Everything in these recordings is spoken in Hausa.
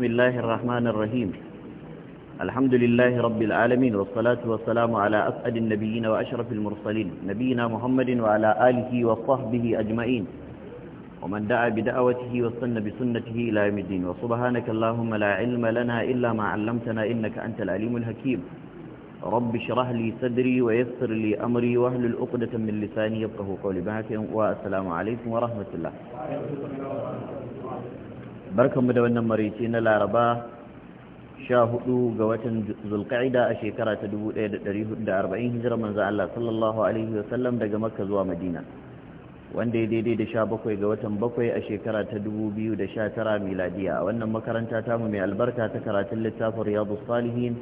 بسم الله الرحمن الرحيم الحمد لله رب العالمين والصلاة والسلام على أسعد النبيين وأشرف المرسلين نبينا محمد وعلى آله وصحبه أجمعين ومن دعا بدعوته وصن بسنته إلى يوم الدين وسبحانك اللهم لا علم لنا إلا ما علمتنا إنك أنت العليم الحكيم رب شرح لي صدري ويسر لي أمري وأهل الأقدة من لساني يبقه قولي بها والسلام عليكم ورحمة الله barkanmu da wannan marici na laraba sha hudu ga watan zulka'ida a shekara ta 1440 hijirar manzo Allah sallallahu alaihi wasallam daga makka zuwa madina wanda ya daidai da sha bakwai ga watan bakwai a shekara ta 2019 miladiya a wannan makaranta tamu mai albarka ta karatun littafin riyadu salihin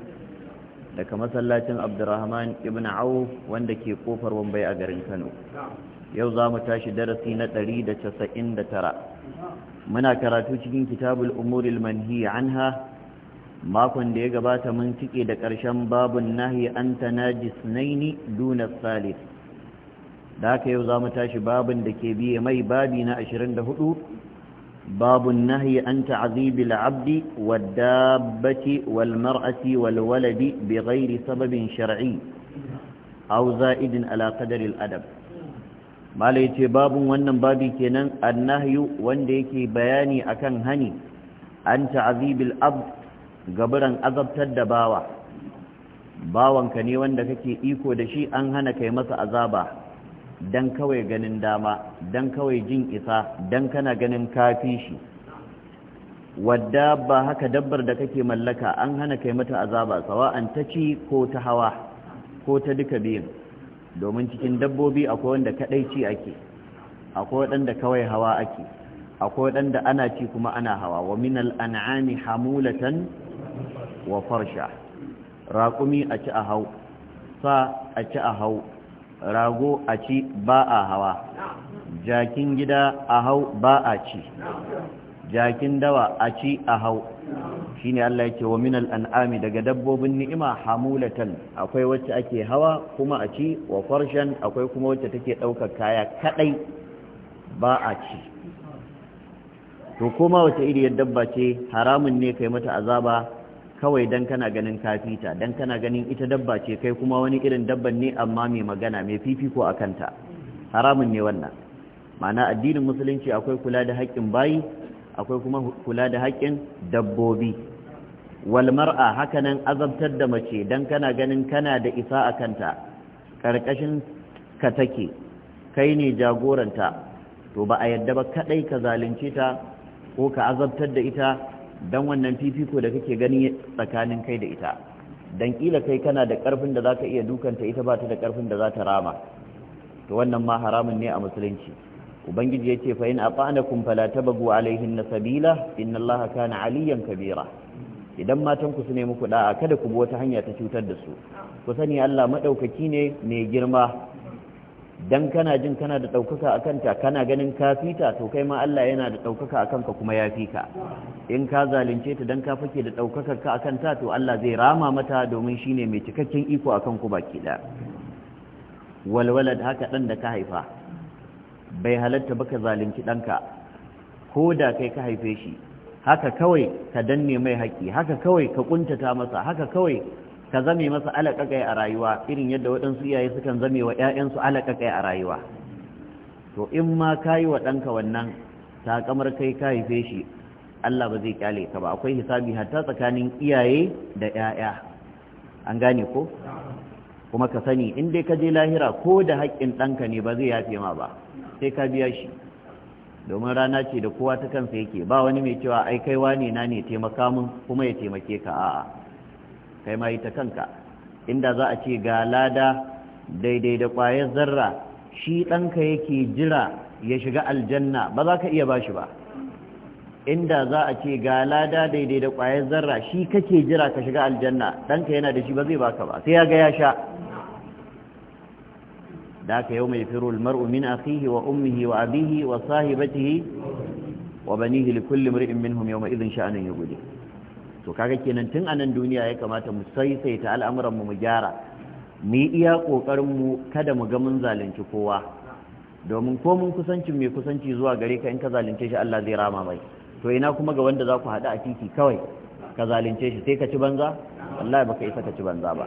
daga masallacin abdurrahman ibn auf wanda ke kofar wambai a garin kano yau za mu tashi darasi na 199 muna karatu cikin kitabul umuril manhi anha makon da ya gabata mun cike da ƙarshen babun nahi an tanajis naini duna salif da haka yau za mu tashi babun da ke biye mai babi na 24 babun nahi an azibil abdi wa dabbati wal mar'ati wal waladi bi ghairi sababin shar'i aw za'idin ala qadari al adab mala ce babun wannan babi kenan annahyu wanda yake bayani akan hani an ta'zibil abd gabaran azabtar da bawa bawanka ne wanda kake iko da shi an hana kai masa azaba dan kawai ganin dama dan kawai jin isa dan kana ganin kafi shi wadda ba haka dabbar da kake mallaka an hana kai mata azaba sawa'an ta ci ko ta hawa ko ta duka biyun domin cikin dabbobi akwai wanda kadai ci ake akwai wadanda kawai hawa ake akwai wadanda ana ci kuma ana hawa wa min al'an'ami hamulatan wa farsha raƙumi a ci a hau sa a ci a hau rago a ci ba a hawa jakin gida a hau ba a ci jakin dawa a ci a hau Shi ne Allah yake wa minal an'ami daga dabbobin ni'ima hamulatan akwai wacce ake hawa kuma a ci wa farshen akwai kuma wacce take ɗaukar kaya kaɗai ba a ci to kuma wace iriyar dabba ce haramun ne kai mata azaba kawai dan kana ganin kafita dan kana ganin ita dabba ce kai kuma wani irin dabban ne amma mai magana mai fifiko a kanta haramun ne wannan ma'ana addinin musulunci akwai kula da haƙƙin bayi akwai kuma kula da haƙƙin dabbobi walmar'a mar'a nan azabtar da mace dan kana ganin kana da isa a kanta karkashin ka take kai ne jagoranta to ba a yadda ba kaɗai ka zalunce ta ko ka azabtar da ita dan wannan fifiko da kake gani tsakanin kai da ita dan kila kai kana da karfin da zaka iya dukanta ita ba ta da karfin da za ta rama to wannan ma haramun ne a musulunci ubangiji ce fa in ata'anakum falata tabagu alaihin sabila innallaha kana aliyan kabira idan matan ku su ne muku da'a kada ku bi wata hanya ta cutar da su ku sani Allah maɗaukaki ne mai girma dan kana jin kana da ɗaukaka a kanta kana ganin ka to kai ma Allah yana da ɗaukaka a kanka kuma ya fi ka in ka zalunce ta dan ka fake da ɗaukakar ka a kanta to Allah zai rama mata domin shi ne mai cikakken iko a kanku baki ɗaya walwalad haka ɗan da ka haifa bai halatta ba ka zalunci ɗanka ko da kai ka haife shi haka kawai ka danne mai haƙƙi haka kawai ka ƙuntata masa haka kawai ka zame masa alaƙaƙai a rayuwa irin yadda waɗansu iyaye sukan zame wa 'ya'yansu alaƙaƙai a rayuwa to in ma ka yi wa ɗanka wannan ta kamar kai ka haife shi Allah ba zai kyale ka ba akwai hisabi hatta tsakanin iyaye da 'ya'ya an gane ko kuma ka sani in dai ka je lahira ko da haƙƙin ɗanka ne ba zai yafe ma ba sai ka biya shi domin rana ce da kowa ta kansa yake ba wani mai cewa ai kai wani na ne taimaka mun kuma ya taimake ka a'a kai ma yi ta kanka inda za a ce ga lada daidai da ƙwayar zarra shi ɗanka yake jira ya shiga aljanna ba za ka iya ba shi ba inda za a ce ga lada daidai da ƙwayar zarra shi kake jira ka shiga aljanna ɗanka yana da shi ba zai baka ba sai ya ga ya sha ذاك يوم يفر المرء من أخيه وأمه وأبيه وصاحبته وبنيه لكل امرئ منهم يومئذ شأن يغنيه to kaga kenan tun a nan duniya ya kamata mu saisaita al'amuran mu gyara mu iya kokarin mu kada mu ga mun zalunci kowa domin ko mun kusancin mai kusanci zuwa gare ka in ka zalunce shi Allah zai rama mai to ina kuma ga wanda za ku haɗu a titi kawai ka zalunce shi sai ka ci banza wallahi baka isa ka ci banza ba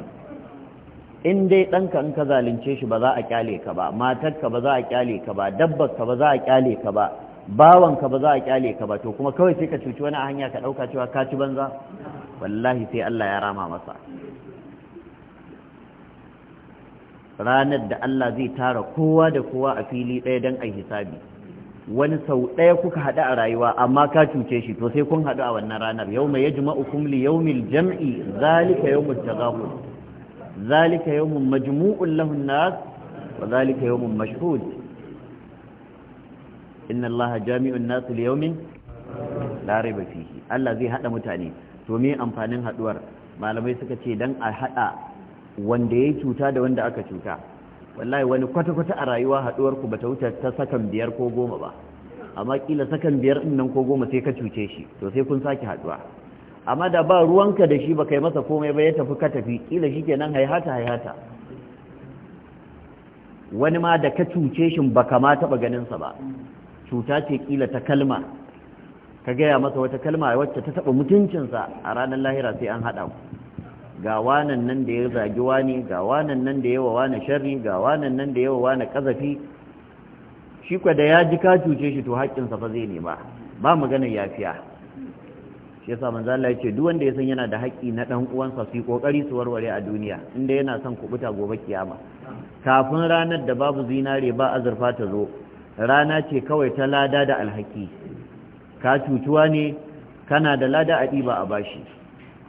in dai ɗanka in ka zalunce shi ba za a kyale ka ba matarka ba za a kyale ka ba dabbarka ba za a kyale ka ba bawanka ba za a kyale ka ba to kuma kawai sai ka cuci wani a hanya ka ɗauka cewa ka ci banza wallahi sai Allah ya rama masa ranar da Allah zai tara kowa da kowa a fili ɗaya don a hisabi wani sau ɗaya kuka haɗu a rayuwa amma ka cuce shi to sai kun haɗu a wannan ranar yau mai yajma'ukum yau mil jam'i zalika yawmut tazahur zalika yawmun majmu'un lahun nas wa zalika yawmun mashhud inna allaha jami'un nas li yawmin la raiba fihi Allah zai haɗa mutane domin me amfanin haɗuwar malamai suka ce dan a haɗa wanda yayi cuta da wanda aka cuta wallahi wani kwata-kwata a rayuwa haduwar ku bata wuce ta sakan biyar ko goma ba amma kila sakan biyar din ko goma sai ka cuce shi to sai kun sake haɗuwa. amma da ba ruwanka da shi ba kai masa komai ba ya tafi ka tafi ƙila shi kenan haihata haihata wani ma da ka cuce shi ba kama taɓa ganinsa ba cuta ce kila ta kalma ka gaya masa wata kalma wacce ta taɓa mutuncinsa a ranar lahira sai an haɗa ku ga wanan nan da ya zagi wani ga wanan nan da yawa wani sharri ga wanan nan da yawa wani ƙazafi shi kwa da ya ji ka cuce shi to haƙƙinsa fa zai nema ba maganar yafiya shi yasa manzo Allah yake duk wanda ya san yana da haƙƙi na dan uwansa su yi kokari su warware a duniya inda yana son kubuta gobe kiyama kafin ranar da babu zinare ba azurfa ta zo rana ce kawai ta lada da alhaki ka cutuwa ne kana da lada a ɗiba a bashi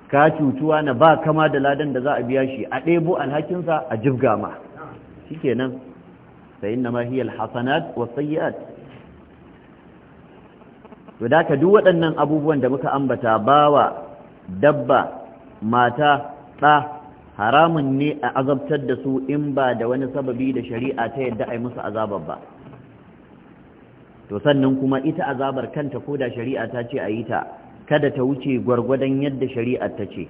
ka cutuwa na ba kama da ladan da za a biya shi a ɗebo alhakinsa a jibga ma shikenan fa mahiyal hasanat hiya to da ka duk waɗannan abubuwan da muka ambata bawa dabba mata ɗa haramun ne a azabtar da su in ba da wani sababi da shari'a ta yadda a yi musu azabar ba to sannan kuma ita azabar kanta ko da shari'a ta ce a yi ta kada ta wuce gwargwadon yadda shari'a ta ce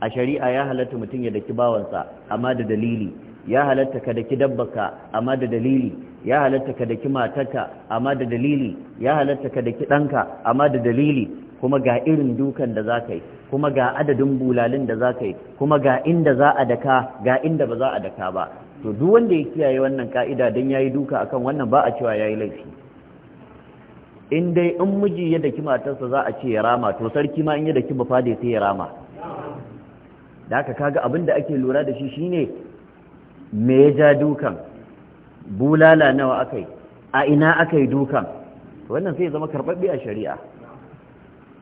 a shari'a ya halatta mutum ya daki bawansa amma da dalili ya halatta ka daki dabbaka amma da dalili ya halatta ka daki matarka amma da dalili ya halatta ka daki ɗanka amma da dalili kuma ga irin dukan da za ka yi kuma ga adadin bulalin da za ka yi kuma ga inda za a daka ga inda ba za a daka ba to duk wanda ya kiyaye wannan ka'ida don ya yi duka akan wannan ba a cewa ya yi laifi in dai in miji ya daki matarsa za a ce ya rama to sarki ma in ya daki bafa da sai ya rama da haka kaga abin da ake lura da shi shine me ya ja dukan bulala nawa akai a ina aka yi dukan wannan sai zama karɓaɓɓe a shari'a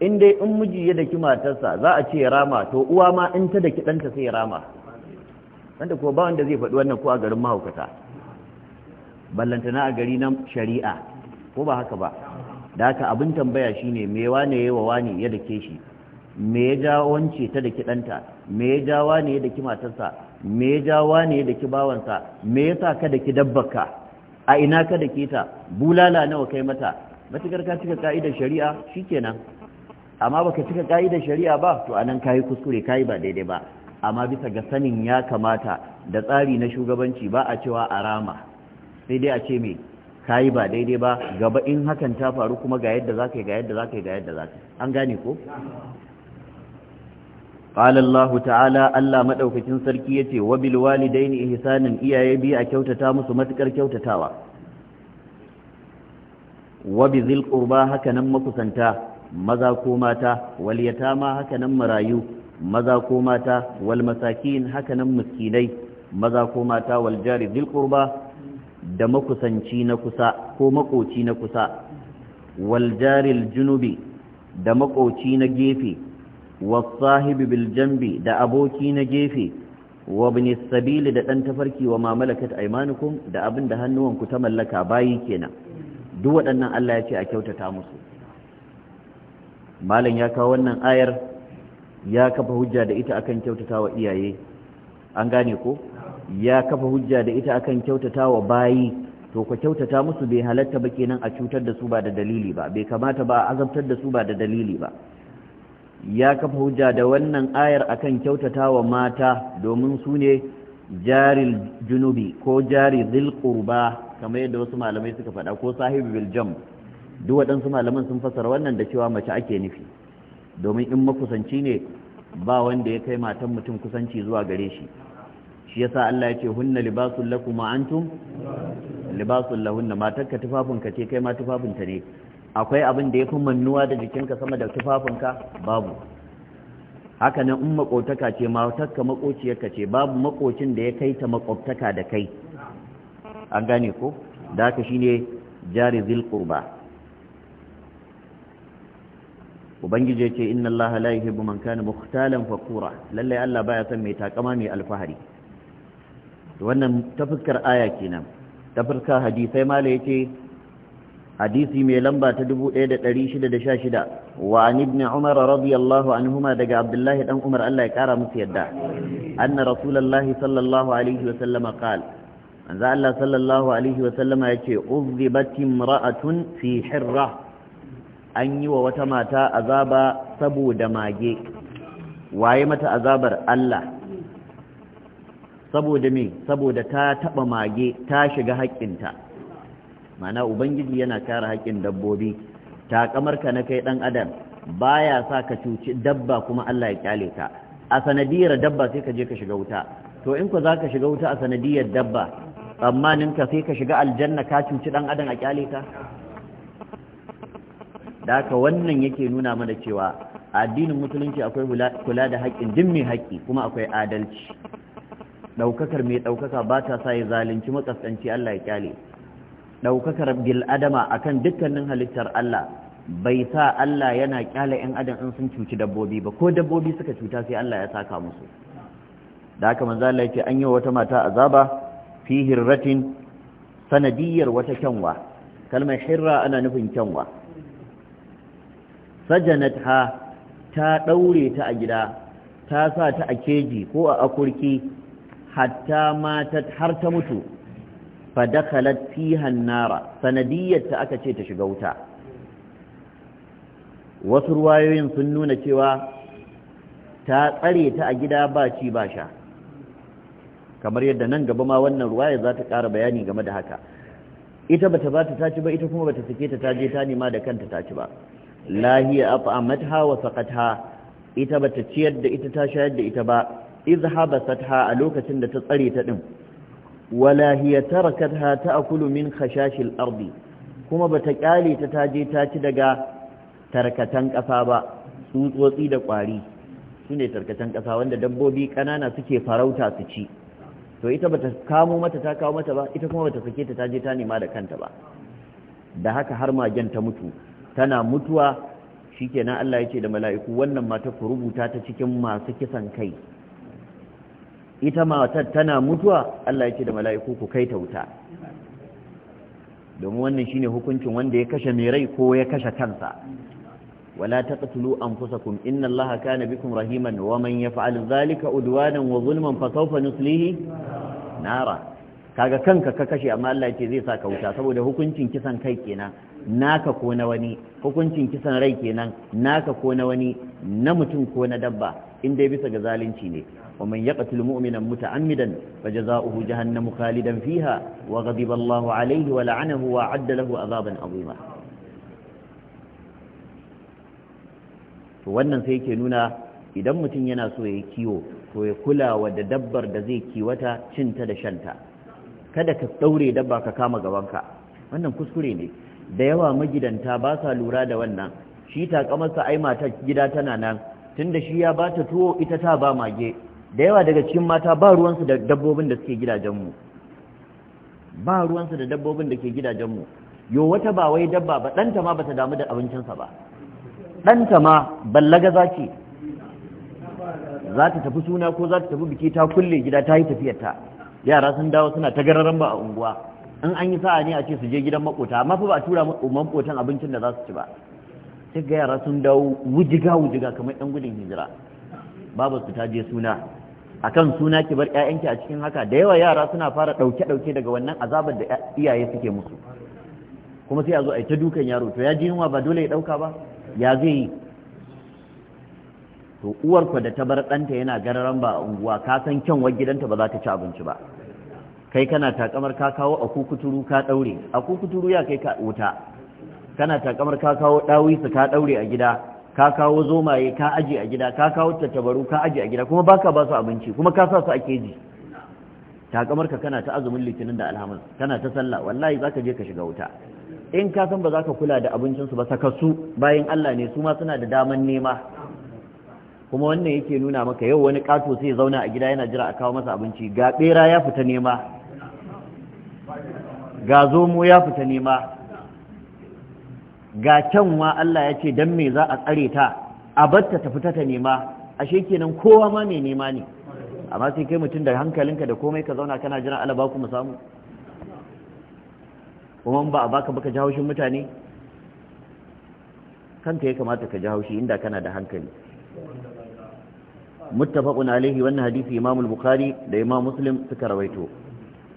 in dai in miji ya daki matarsa za a ce rama to uwa ma in ta daki ɗanta sai rama wanda ko ba wanda zai faɗi wannan ko a garin mahaukata ballantana a gari na shari'a ko ba haka ba da haka abin tambaya shine me wane yawa wane ya dake shi me ya ja wance ta daki ɗanta me ya ja wane ya daki matarsa me ya jawa ne da ki bawansa me yasa ka da ki dabbaka a ina ka da ta bulala nawa kai mata matukar ka cika ka'idar shari'a shikenan amma baka cika ka'idar shari'a ba to anan kayi kuskure yi ba daidai ba amma bisa ga sanin ya kamata da tsari na shugabanci ba a cewa a rama sai dai a ce me kayi ba daidai ba gaba in hakan ta faru kuma ga yadda za ka yi ga yadda za ka yi ga yadda za ka yi an gane ko قال الله تعالى ألا مدوكتين سركية وبالوالدين إحسانا إياي بي أكوتتا مسمتكر كوتتاوا وبذي القربى هكا نمك سنتا مذا كوماتا واليتامى هكا نم رايو مذا كوماتا والمساكين هكا نم مسكيني مذا كوماتا والجار ذي القربى da makusanci na kusa ko makoci na kusa waljaril junubi da makoci na gefe والصاحب bil jambi da aboki na gefe wa sabili da dan tafarki wa ma malakat da abin da hannuwanku ta mallaka bayi kenan duk waɗannan Allah ya ce a kyautata musu malam ya kawo wannan ayar ya kafa hujja da ita akan kyautata wa iyaye an gane ko ya kafa hujja da ita akan kyautata wa bayi to ka kyautata musu bai halatta ba kenan a cutar da su ba da dalili ba bai kamata ba a azabtar da su ba da dalili ba ya kafa hujja da wannan ayar akan kyautatawa mata domin su ne jaril junubi ko jari zil kamar yadda wasu malamai suka faɗa ko sahibu biljam. jam duk waɗansu malaman sun fasara wannan da cewa mace ake nufi domin in makusanci ne ba wanda ya kai matan mutum kusanci zuwa gare shi shi yasa Allah ya ce hunna libasul lakum antum libasul lahunna matarka tufafinka ce kai ma tufafinta ne akwai abin da ya fi mannuwa da jikinka sama da tufafinka babu haka nan in makotaka ce matarka makociyarka ce babu makocin da ya kai ta makwabtaka da kai an gane ko da haka ne jari zil ba. ubangiji ce inna allaha la yuhibbu man kana mukhtalan faqura lalle Allah baya son mai takama mai alfahari wannan ta aya kenan ta fuskar hadisi mala yace hadisi mai lamba ta 1616 wa an ibn umar radiyallahu anhuma daga abdullahi dan umar Allah ya kara musu yadda anna rasulullahi sallallahu alaihi wa sallama qala manzo Allah sallallahu alaihi wa sallama yace uzibat imra'atun fi hirra an yi wa wata mata azaba saboda mage waye mata azabar Allah saboda me saboda ta taba mage ta shiga haƙƙinta mana ubangiji yana kare haƙƙin dabbobi ta takamarka na kai dan adam baya sa ka cuci dabba kuma Allah ya kyale ka a sanadiyar dabba sai ka je ka shiga wuta to in ku za ka shiga wuta a sanadiyar dabba tsammanin ka sai ka shiga aljanna ka cuci dan adam a kyale ka daka wannan yake nuna mana cewa addinin musulunci akwai kula da haƙƙin duk mai haƙƙi kuma akwai adalci ɗaukakar mai ɗaukaka ba ta sa ya zalunci makasanci Allah ya kyale ɗaukakar bil'adama a kan dukkanin halittar Allah bai sa Allah yana kyala 'yan adam in sun cuci dabbobi ba ko dabbobi suka cuta sai Allah ya saka musu da aka manzo Allah ce an yi wa wata mata azaba fi hirratin sanadiyar wata kyanwa kalmar hirra ana nufin kyanwa sajanatha ta ɗaure ta a gida ta sa ta a keji ko a akurki hatta mata har ta mutu fa dakalat fiha nara sanadiyyar ta aka ce ta shiga wuta wasu ruwayoyin sun nuna cewa ta tsare ta a gida ba ci ba sha kamar yadda nan gaba ma wannan ruwaya za ta ƙara bayani game da haka ita bata ba ta taci ba ita kuma bata sake ta taje ta nema da kanta taci ba lahiya af'amatha wa saqatha ita bata ciyar da ita ta shayar da ita ba izhabasatha a lokacin da ta tsare ta din wala hiya tarakatha ta'kulu min khashashil ardi kuma bata kyale ta taje ta ci daga tarkatan ƙasa ba tsutsotsi da ƙwari sune tarkatan ƙasa wanda dabbobi ƙanana suke farauta su ci to ita bata kamo mata ta kawo mata ba ita kuma bata sake ta taje ta nema da kanta ba da haka har magen ta mutu tana mutuwa shikenan Allah ya ce da mala'iku wannan mata ku rubuta ta cikin masu kisan kai ita matar tana mutuwa Allah ya ce da mala'iku ku kai ta wuta domin wannan shine hukuncin wanda ya kashe mai rai ko ya kashe kansa wala taqtulu anfusakum inna Allaha kana bikum rahiman wa man yaf'al zalika udwanan wa zulman fa sawfa nuslihi nara kaga kanka ka kashe amma Allah ya ce zai saka wuta saboda hukuncin kisan kai kenan naka ko na wani hukuncin kisan rai kenan naka ko na wani na mutum ko na dabba in dai bisa ga zalunci ne ومن يقتل مؤمنا متعمدا فجزاؤه جهنم خالدا فيها وغضب الله عليه ولعنه وأعد له عذابا عظيما wannan sai yake nuna idan mutum yana so ya kiwo to ya kulawa da dabbar da zai kiwata cinta da shanta kada ka daure dabba ka kama gabanka wannan kuskure ne da yawa magidanta ba sa lura da wannan shi takamarsa ai matar gida tana nan tunda shi ya bata tuwo ita ta ba mage da yawa daga cikin mata ba ruwansu da dabbobin da suke gidajenmu ba ruwansu da dabbobin da ke gidajenmu yo wata ba wai dabba ba ɗanta ma ba ta damu da abincinsa ba ɗanta ma ballaga za ce tafi suna ko za tafi biki ta kulle gida ta yi tafiyarta yara sun dawo suna ta gararan ba a unguwa in an yi sa'a ne a ce su je gidan makota amma fa ba a tura makotan abincin da za su ci ba sai ga yara sun dawo wujiga wujiga kamar yan gudun hijira babu su ta je suna akan suna ki bar ƴaƴanki a cikin haka da yawa yara suna fara ɗauke ɗauke daga wannan azabar da iyaye suke musu kuma sai a zo a yi ta dukan yaro to ya ji yunwa ba dole ya ɗauka ba ya zai yi to uwar ku da ta bar ɗanta yana gararan ba a unguwa ka san kyan wa gidanta ba za ta ci abinci ba kai kana takamar ka kawo a kukuturu ka ɗaure a kukuturu ya kai ka wuta kana takamar ka kawo ɗawisa ka ɗaure a gida ka kawo zomaye ka aji a gida ka kawo tattabaru ka aje a gida kuma baka ba su abinci kuma ka sa su a keji kamar ka kana ta azumin litinin da alhamis kana ta sallah wallahi zaka je ka shiga wuta in ka san ba za ka kula da abincinsu ba saka su, bayan Allah ne su ma suna da daman nema kuma wannan yake nuna maka yau wani kato sai zauna a gida yana jira a kawo masa abinci ga bera ya fita nema ga zomo ya fita nema ga kyanwa Allah ya ce don me za a tsare ta a batta ta fita ta nema ashe kenan kowa ma mai nema ne amma sai kai mutum da hankalinka da komai ka zauna kana jiran ala ba ku kuma ba a baka baka ji haushin mutane kanka ya kamata ka ji haushi inda kana da hankali muttafaqun alaihi wannan hadisi imamul bukari bukhari da Imam Muslim suka rawaito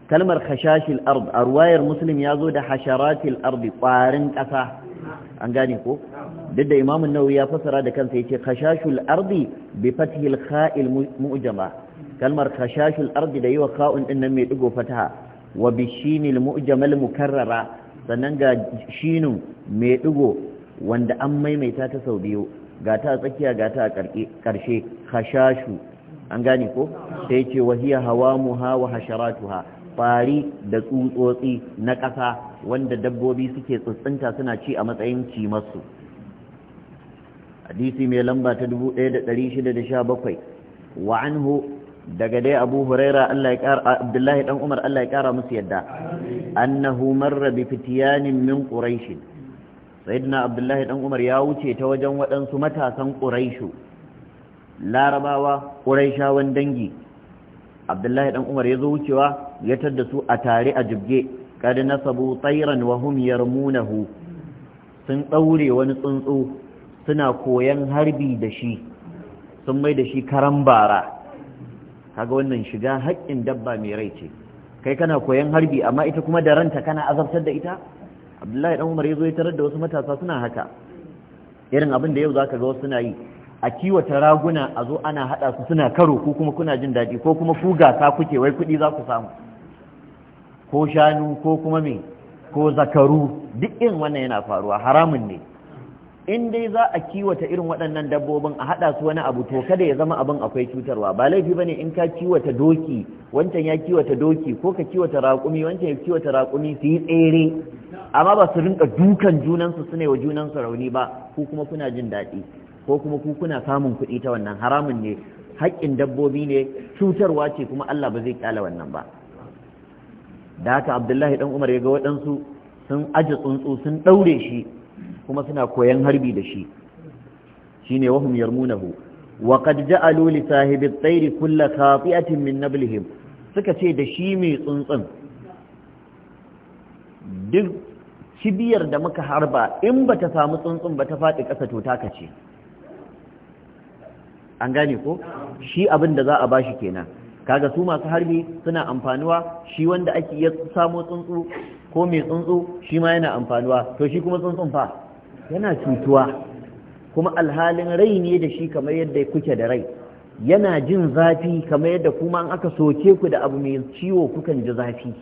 kalmar khashashil ard a ruwayar Muslim ya zo da hasharatil ard ƙwarin ƙasa an gane ko duk da imamu nawawi ya fassara da kansa yace khashashul ardi bi fathi kha'il mu'jama kalmar khashashul ardi da yiwa kha'un din nan mai digo fataha wa bi shinil mu'jamal mukarrara sannan ga shinun mai digo wanda an maimaita ta sau biyu ga ta tsakiya ga ta karshe khashashu an gane ko sai yace wahiya hawamuha wa hasharatuha Fari da tsutsotsi na ƙasa wanda dabbobi suke tsuntsunta suna ci a matsayin cimarsu hadisi mai lamba ta 1617 wa anhu daga dai abu huraira abdullahi dan umar allah ya ƙara musu yadda annahu marra bi fitiyanin min quraish sayyidina abdullahi dan umar ya wuce ta wajen waɗansu matasan quraishu larabawa quraishawan dangi abdullahi dan umar ya zo wucewa ya tadda su a tare a jibge kad nasabu tayran wa hum yarmunahu sun daure wani tsuntsu suna koyan harbi da shi sun mai da shi karan bara kaga wannan shiga haƙƙin dabba mai rai ce kai kana koyan harbi amma ita kuma da ranta kana azabtar da ita abdullahi dan umar yazo ya tarar da wasu matasa suna haka irin abin da yau zaka ga wasu suna yi a kiwata raguna a zo ana hada su suna karo ko kuma kuna jin daɗi ko kuma ku gasa kuke wai kuɗi za ku samu ko shanu ko kuma me ko zakaru duk irin wannan yana faruwa haramun ne in dai za a kiwata irin waɗannan dabbobin a haɗa su wani abu to kada ya zama abin akwai cutarwa ba laifi bane in ka kiwata doki wancan ya kiwata doki ko ka kiwata raƙumi wancan ya kiwata raƙumi su yi tsere amma ba su rinka dukan junansu su ne wa junansu rauni ba ku kuma kuna jin daɗi ko kuma ku kuna samun kuɗi ta wannan haramun ne haƙƙin dabbobi ne cutarwa ce kuma Allah ba zai ƙyale wannan ba da haka abdullahi dan umar ya ga waɗansu sun aji tsuntsu sun ɗaure shi kuma suna koyan harbi da shi shine wahum yarmunahu wa qad ja'alu li sahibi at kulla kull khati'atin min nablihim suka ce da shi mai tsuntsun duk cibiyar da muka harba in ba ta samu tsuntsun ba ta faɗi ƙasa to taka ce an gane ko shi abin da za a bashi kenan kaga su masu harbi suna amfanuwa shi wanda ake iya samo tsuntsu ko mai tsuntsu shi ma yana amfanuwa to shi kuma tsuntsun fa yana cutuwa kuma alhalin rai ne da shi kamar yadda kuke da rai yana jin zafi kamar yadda kuma an aka soke ku da abu mai ciwo kukan ji zafi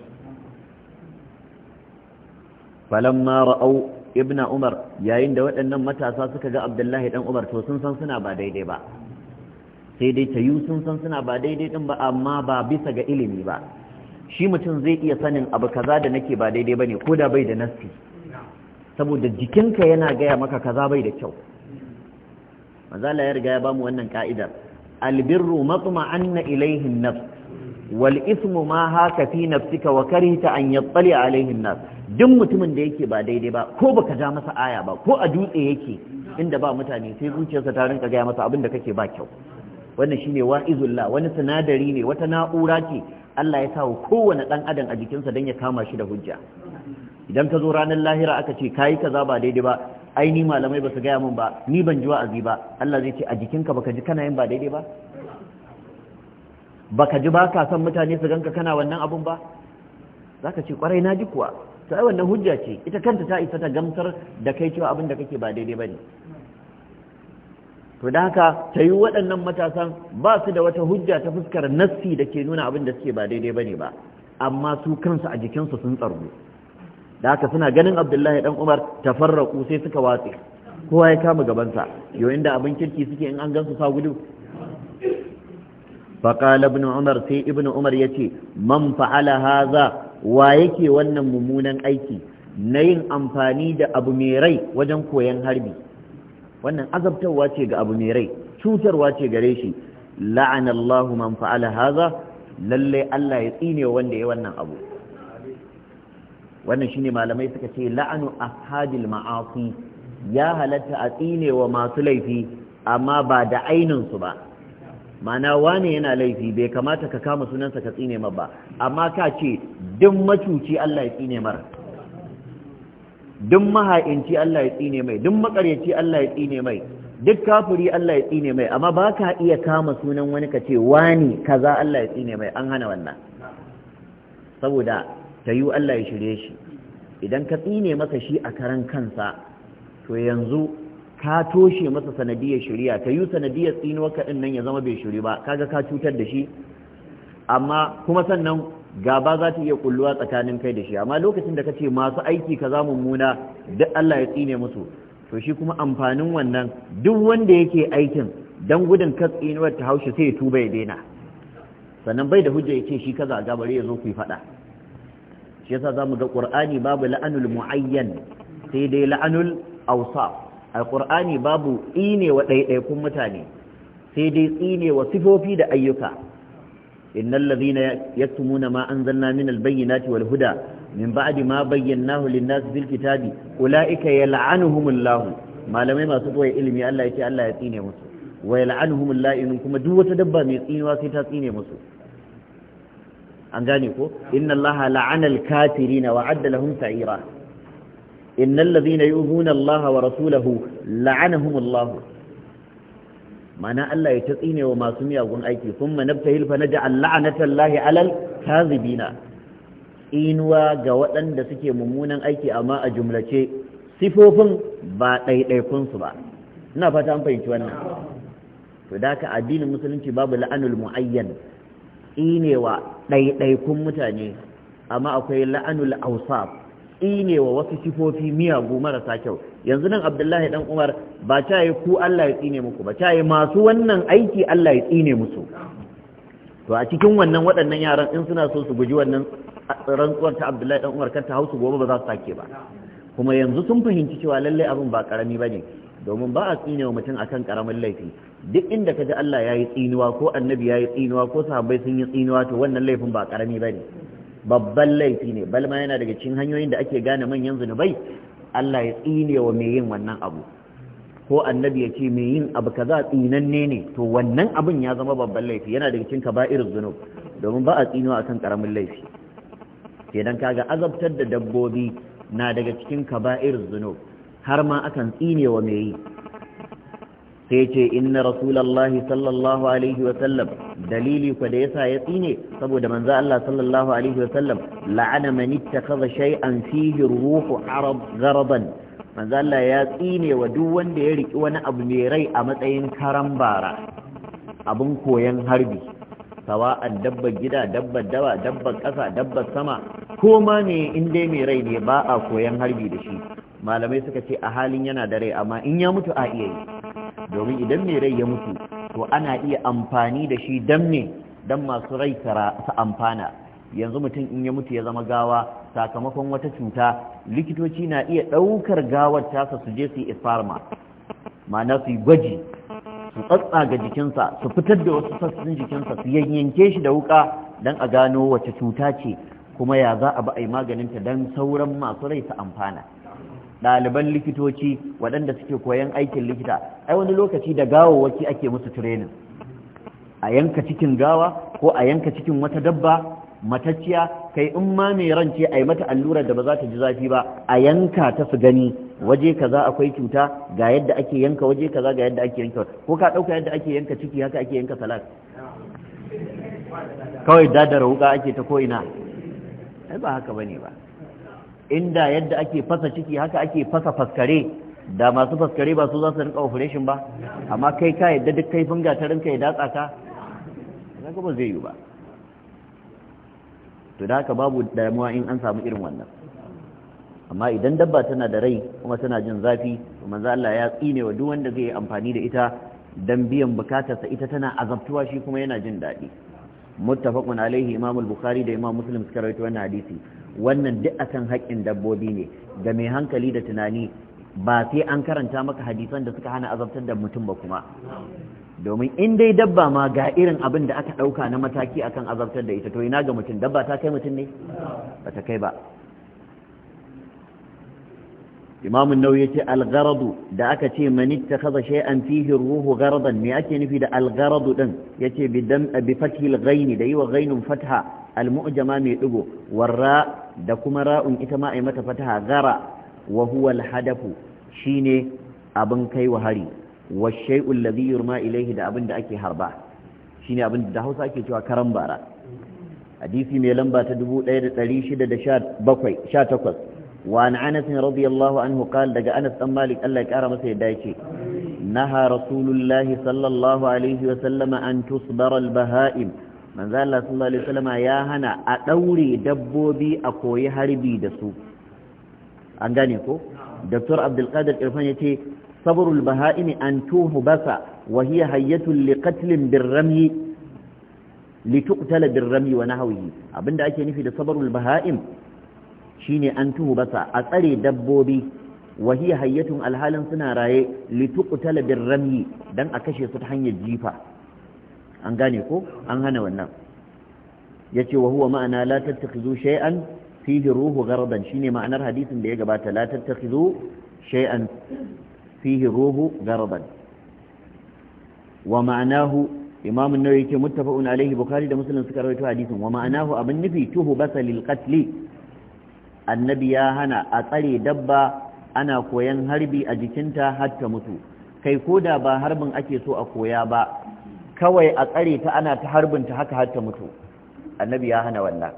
falamma ra'au ibna umar yayin da waɗannan matasa suka ga abdullahi dan umar to sun san suna ba daidai ba sai dai ta yi sun san suna ba daidai din ba amma ba bisa ga ilimi ba shi mutum zai iya sanin abu kaza da nake ba daidai bane ko da bai da nassi saboda jikinka yana gaya maka kaza bai da kyau mazala ya riga ya bamu wannan ka'idar albirru matma'anna ilaihin Wal ismu ma haka fi nafsika wa karita an yabbali alaihin naf duk mutumin da yake ba daidai ba ko baka ja masa aya ba ko a dutse yake inda ba mutane sai zuciyarsa ta rinka gaya masa abin da kake ba kyau wannan shi ne wa'izullah wani sinadari ne wata na'ura ce Allah ya sa wa kowane ɗan adam a jikinsa don ya kama shi da hujja idan ka zo ranar lahira aka ce kayi kaza ba daidai ba ai malamai ba su gaya min ba ni ban ji wa'azi ba Allah zai ce a jikinka baka ji kana yin ba daidai ba baka ji ba ka san mutane su ganka kana wannan abun ba Za ka ce kwarai na ji kuwa Sai wannan hujja ce ita kanta ta isa ta gamsar da kai cewa abin da kake ba daidai ba ne? to da haka ta yi waɗannan matasan ba su da wata hujja ta fuskar nassi da ke nuna abin da suke ba daidai ba ne ba amma su kansu a jikinsu sun tsargu da haka suna ganin abdullahi dan umar tafarraku sai suka watsi, kowa ya kama gabansa yau inda abin kirki suke in an gansu sa gudu faƙala ibn umar sai ibn umar ya ce man fa'ala haza wa yake wannan mummunan aiki na yin amfani da abu mai rai wajen koyon harbi wannan azabtarwa ce ga abu mai rai cutarwa ce gare shi la'anallahu man fa'ala haza lalle Allah ya tsine wanda ya wannan abu wannan shine malamai suka ce la'anu ahadil ma'afi ya halatta a tsine wa masu laifi amma ba da ainin su ba mana wane yana laifi bai kamata ka kama sunansa ka tsine ma ba amma ka ce duk macuci Allah ya tsine mara duk maha'inci Allah ya tsine mai duk makaryaci Allah ya tsine mai duk kafuri Allah ya tsine mai amma ba ka iya kama sunan wani ka ce wani kaza Allah ya tsine mai an hana wannan saboda ta yi Allah ya shirye shi idan ka tsine masa shi a karan kansa to yanzu ka toshe masa sanadiyar shirya ta yi sanadiyar tsinuwa ɗin nan ya zama bai shiri ba kaga ka cutar da shi amma kuma sannan gaba za ta iya kulluwa tsakanin kai da shi amma lokacin da ka ce masu aiki ka kaza mummuna duk Allah ya tsine musu to shi kuma amfanin wannan duk wanda yake aikin don gudun katsinuwar ta haushi sai ya tuba ya daina sannan bai da hujja ya ce shi kaza ga bari ya zo ku yi fada shi yasa zamu ga qur'ani babu la'anul muayyan sai dai la'anul awsaf alqur'ani babu tsine wa ɗaiɗaikun mutane sai dai tsine sifofi da ayyuka إن الذين يكتمون ما أنزلنا من البينات والهدى من بعد ما بيناه للناس في الكتاب أولئك يلعنهم الله ما لم يما سطوى إلمي ألا يتي ألا يتيني مسو ويلعنهم الله إنكم دوة دبا ميقين واسطة تيني مسو أنجانيكو إن الله لعن الكافرين وعد لهم سعيرا إن الذين يؤذون الله ورسوله لعنهم الله ma'ana Allah ya ta tsine wa masu miyagun aiki sun manabta hilfa na ja'al la'anatan lahi alal kazibina inuwa ga waɗanda suke mummunan aiki amma a jumlace sifofin ba ɗaiɗaikunsu ba ina fata an fahimci wannan to da ka addinin musulunci babu la'anul mu'ayyan tsinewa ɗaiɗaikun mutane amma akwai la'anul ausaf tsinewa wasu sifofi miyagu marasa kyau yanzu nan abdullahi dan umar ba ta yi ku Allah ya tsine muku ba ta yi masu wannan aiki Allah ya tsine musu to a cikin wannan waɗannan yaran in suna so su guji wannan rantsuwar ta abdullahi dan umar kan ta hausu gobe ba za su sake ba kuma yanzu sun fahimci cewa lallai abin ba karami ba ne domin ba a tsine wa mutum akan karamin laifi duk inda ka ji Allah ya yi tsinuwa ko annabi ya yi tsinuwa ko sahabbai sun yi tsinuwa to wannan laifin ba karami ba ne babban laifi ne balma yana daga cikin hanyoyin da ake gane manyan zunubai Allah ya tsine wa mai yin wannan abu ko annabi ya ce mai yin abu kaza tsinanne ne to wannan abin ya zama babban laifi yana daga cikin kaba'ir zunub domin ba a tsinewa akan karamin laifi kenan kaga azabtar da dabbobi na daga cikin kaba'ir zunub har ma akan tsinewa mai yi sai ce inna rasulallahi sallallahu alaihi wa dalili ku da yasa ya tsine saboda manzo Allah sallallahu alaihi wa la'ana man ittakhadha shay'an fihi ruhu arab gharaban manzo Allah ya tsine wa duk wanda ya riki wani abu mai rai a matsayin karan bara. abun koyan harbi sawa'an dabbar gida dabbar dawa dabbar kasa, dabbar sama ko ma ne in dai mai rai ne ba a koyan harbi da shi malamai suka ce a halin yana da rai amma in ya mutu a iya yi domin idan mai rai ya mutu to ana iya amfani da shi dan me dan masu rai su amfana yanzu mutum in ya mutu ya zama gawa sakamakon wata cuta likitoci na iya ɗaukar gawar tasa su je su isfarma ma'ana su gwaji su ga jikinsa su fitar da wasu sassan jikinsa su yanyanke shi da wuka don a gano wace cuta ce kuma ya za a ba a yi maganinta don sauran masu rai su amfana ɗaliban likitoci waɗanda suke koyan aikin likita ai wani lokaci da gawawaki ake musu training a yanka cikin gawa ko a yanka cikin wata dabba matacciya kai in ma mai rance a mata allurar da ba za ta ji zafi ba a yanka ta su gani waje kaza akwai cuta ga yadda ake yanka waje kaza ga yadda ake yanka ko ka ɗauka yadda ake yanka ciki haka ake yanka salat kawai dadara wuka ake ta ko'ina ai ba haka bane ba inda yadda ake fasa ciki haka ake fasa faskare da masu faskare ba su za su rinka operation ba amma kai ka yadda duk kaifin gatarin ka ya datsa ka zaka ba zai yi ba to da haka babu damuwa in an samu irin wannan amma idan dabba tana da rai kuma tana jin zafi manzo Allah ya tsine wa duk wanda zai yi amfani da ita dan biyan bukatarsa ita tana azabtuwa shi kuma yana jin daɗi muttafaqun alaihi imam al-bukhari da imam muslim suka rawaito wannan hadisi wannan duk akan haƙƙin dabbobi ne ga mai hankali da tunani ba sai an karanta maka hadisan da suka hana azabtar da mutum ba kuma domin in dai dabba ma ga irin abin da aka ɗauka na mataki akan azabtar da ita to ina ga mutum dabba ta kai mutum ne ba ta kai ba imamun nau ya ce algaradu da aka ce mani ta kaza an fihi ruhu garadan me ake nufi da algaradu din ya ce bi fathil da yi wa ghainun fatha Almujama mai digo warra da kuma ra'un ita ma ai mata fataha gara wahuwal hadafu shine abin kai wa hari wa shay'u alladhi yurma ilayhi da abin da ake harba shine abin da Hausa ake cewa karan bara hadisi mai lamba ta 1617 wa an Anas radiyallahu anhu qala daga Anas dan Malik Allah ya kara masa yadda yake naha rasulullahi sallallahu alaihi wa an bahaim manzo Allah sallallahu alaihi wasallam ya hana a daure dabbobi a koyi harbi da su an gane ko Dr. Abdul Qadir Irfan yace sabrul baha'imi an tuhu basa wa hiya hayyatun liqatlin birrami lituqtala birrami wa nahwihi abinda ake nufi da sabrul baha'im shine an tuhu basa a tsare dabbobi wa hiya hayyatun alhalin suna raye lituqtala birrami dan a kashe su ta hanyar jifa an gane ko an hana wannan ya ce wa huwa ma'ana la tattakhizu shay'an fihi ruhu gharadan shine ma'anar hadisin da ya gabata la tattakhizu shay'an fihi ruhu gharadan wa ma'anahu imam an-nawawi yake muttafaqun alaihi bukhari da muslim suka rawaito hadisin wa ma'anahu abin nufi tuhu basalil qatl annabi ya hana a tsare dabba ana koyan harbi a jikinta har ta mutu kai koda ba harbin ake so a koya ba kawai a tsare ta ana ta harbinta haka har ta mutu annabi ya hana wannan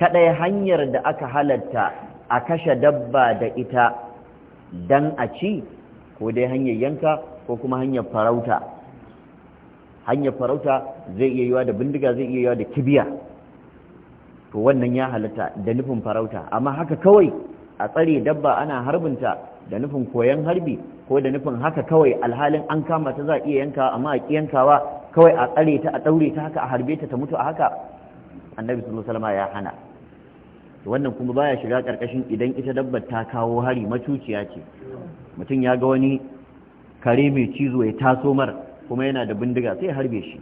kadai hanyar da aka halatta a kashe dabba da ita dan a ci ko dai hanyar yanka ko kuma hanyar farauta hanyar farauta zai iya yiwa da bindiga zai iya yiwa da kibiya to wannan ya halatta da nufin farauta amma haka kawai a tsare dabba ana harbinta da nufin koyon harbi ko da nufin haka kawai alhalin an kama ta za a iya yankawa amma a yankawa kawai a tsare ta a daure ta haka a harbe ta ta mutu a haka annabi sallallahu alaihi ya hana wannan kuma baya shiga karkashin idan ita dabbar ta kawo hari macuciya ce mutum ya ga wani kare mai cizo ya taso mar kuma yana da bindiga sai harbe shi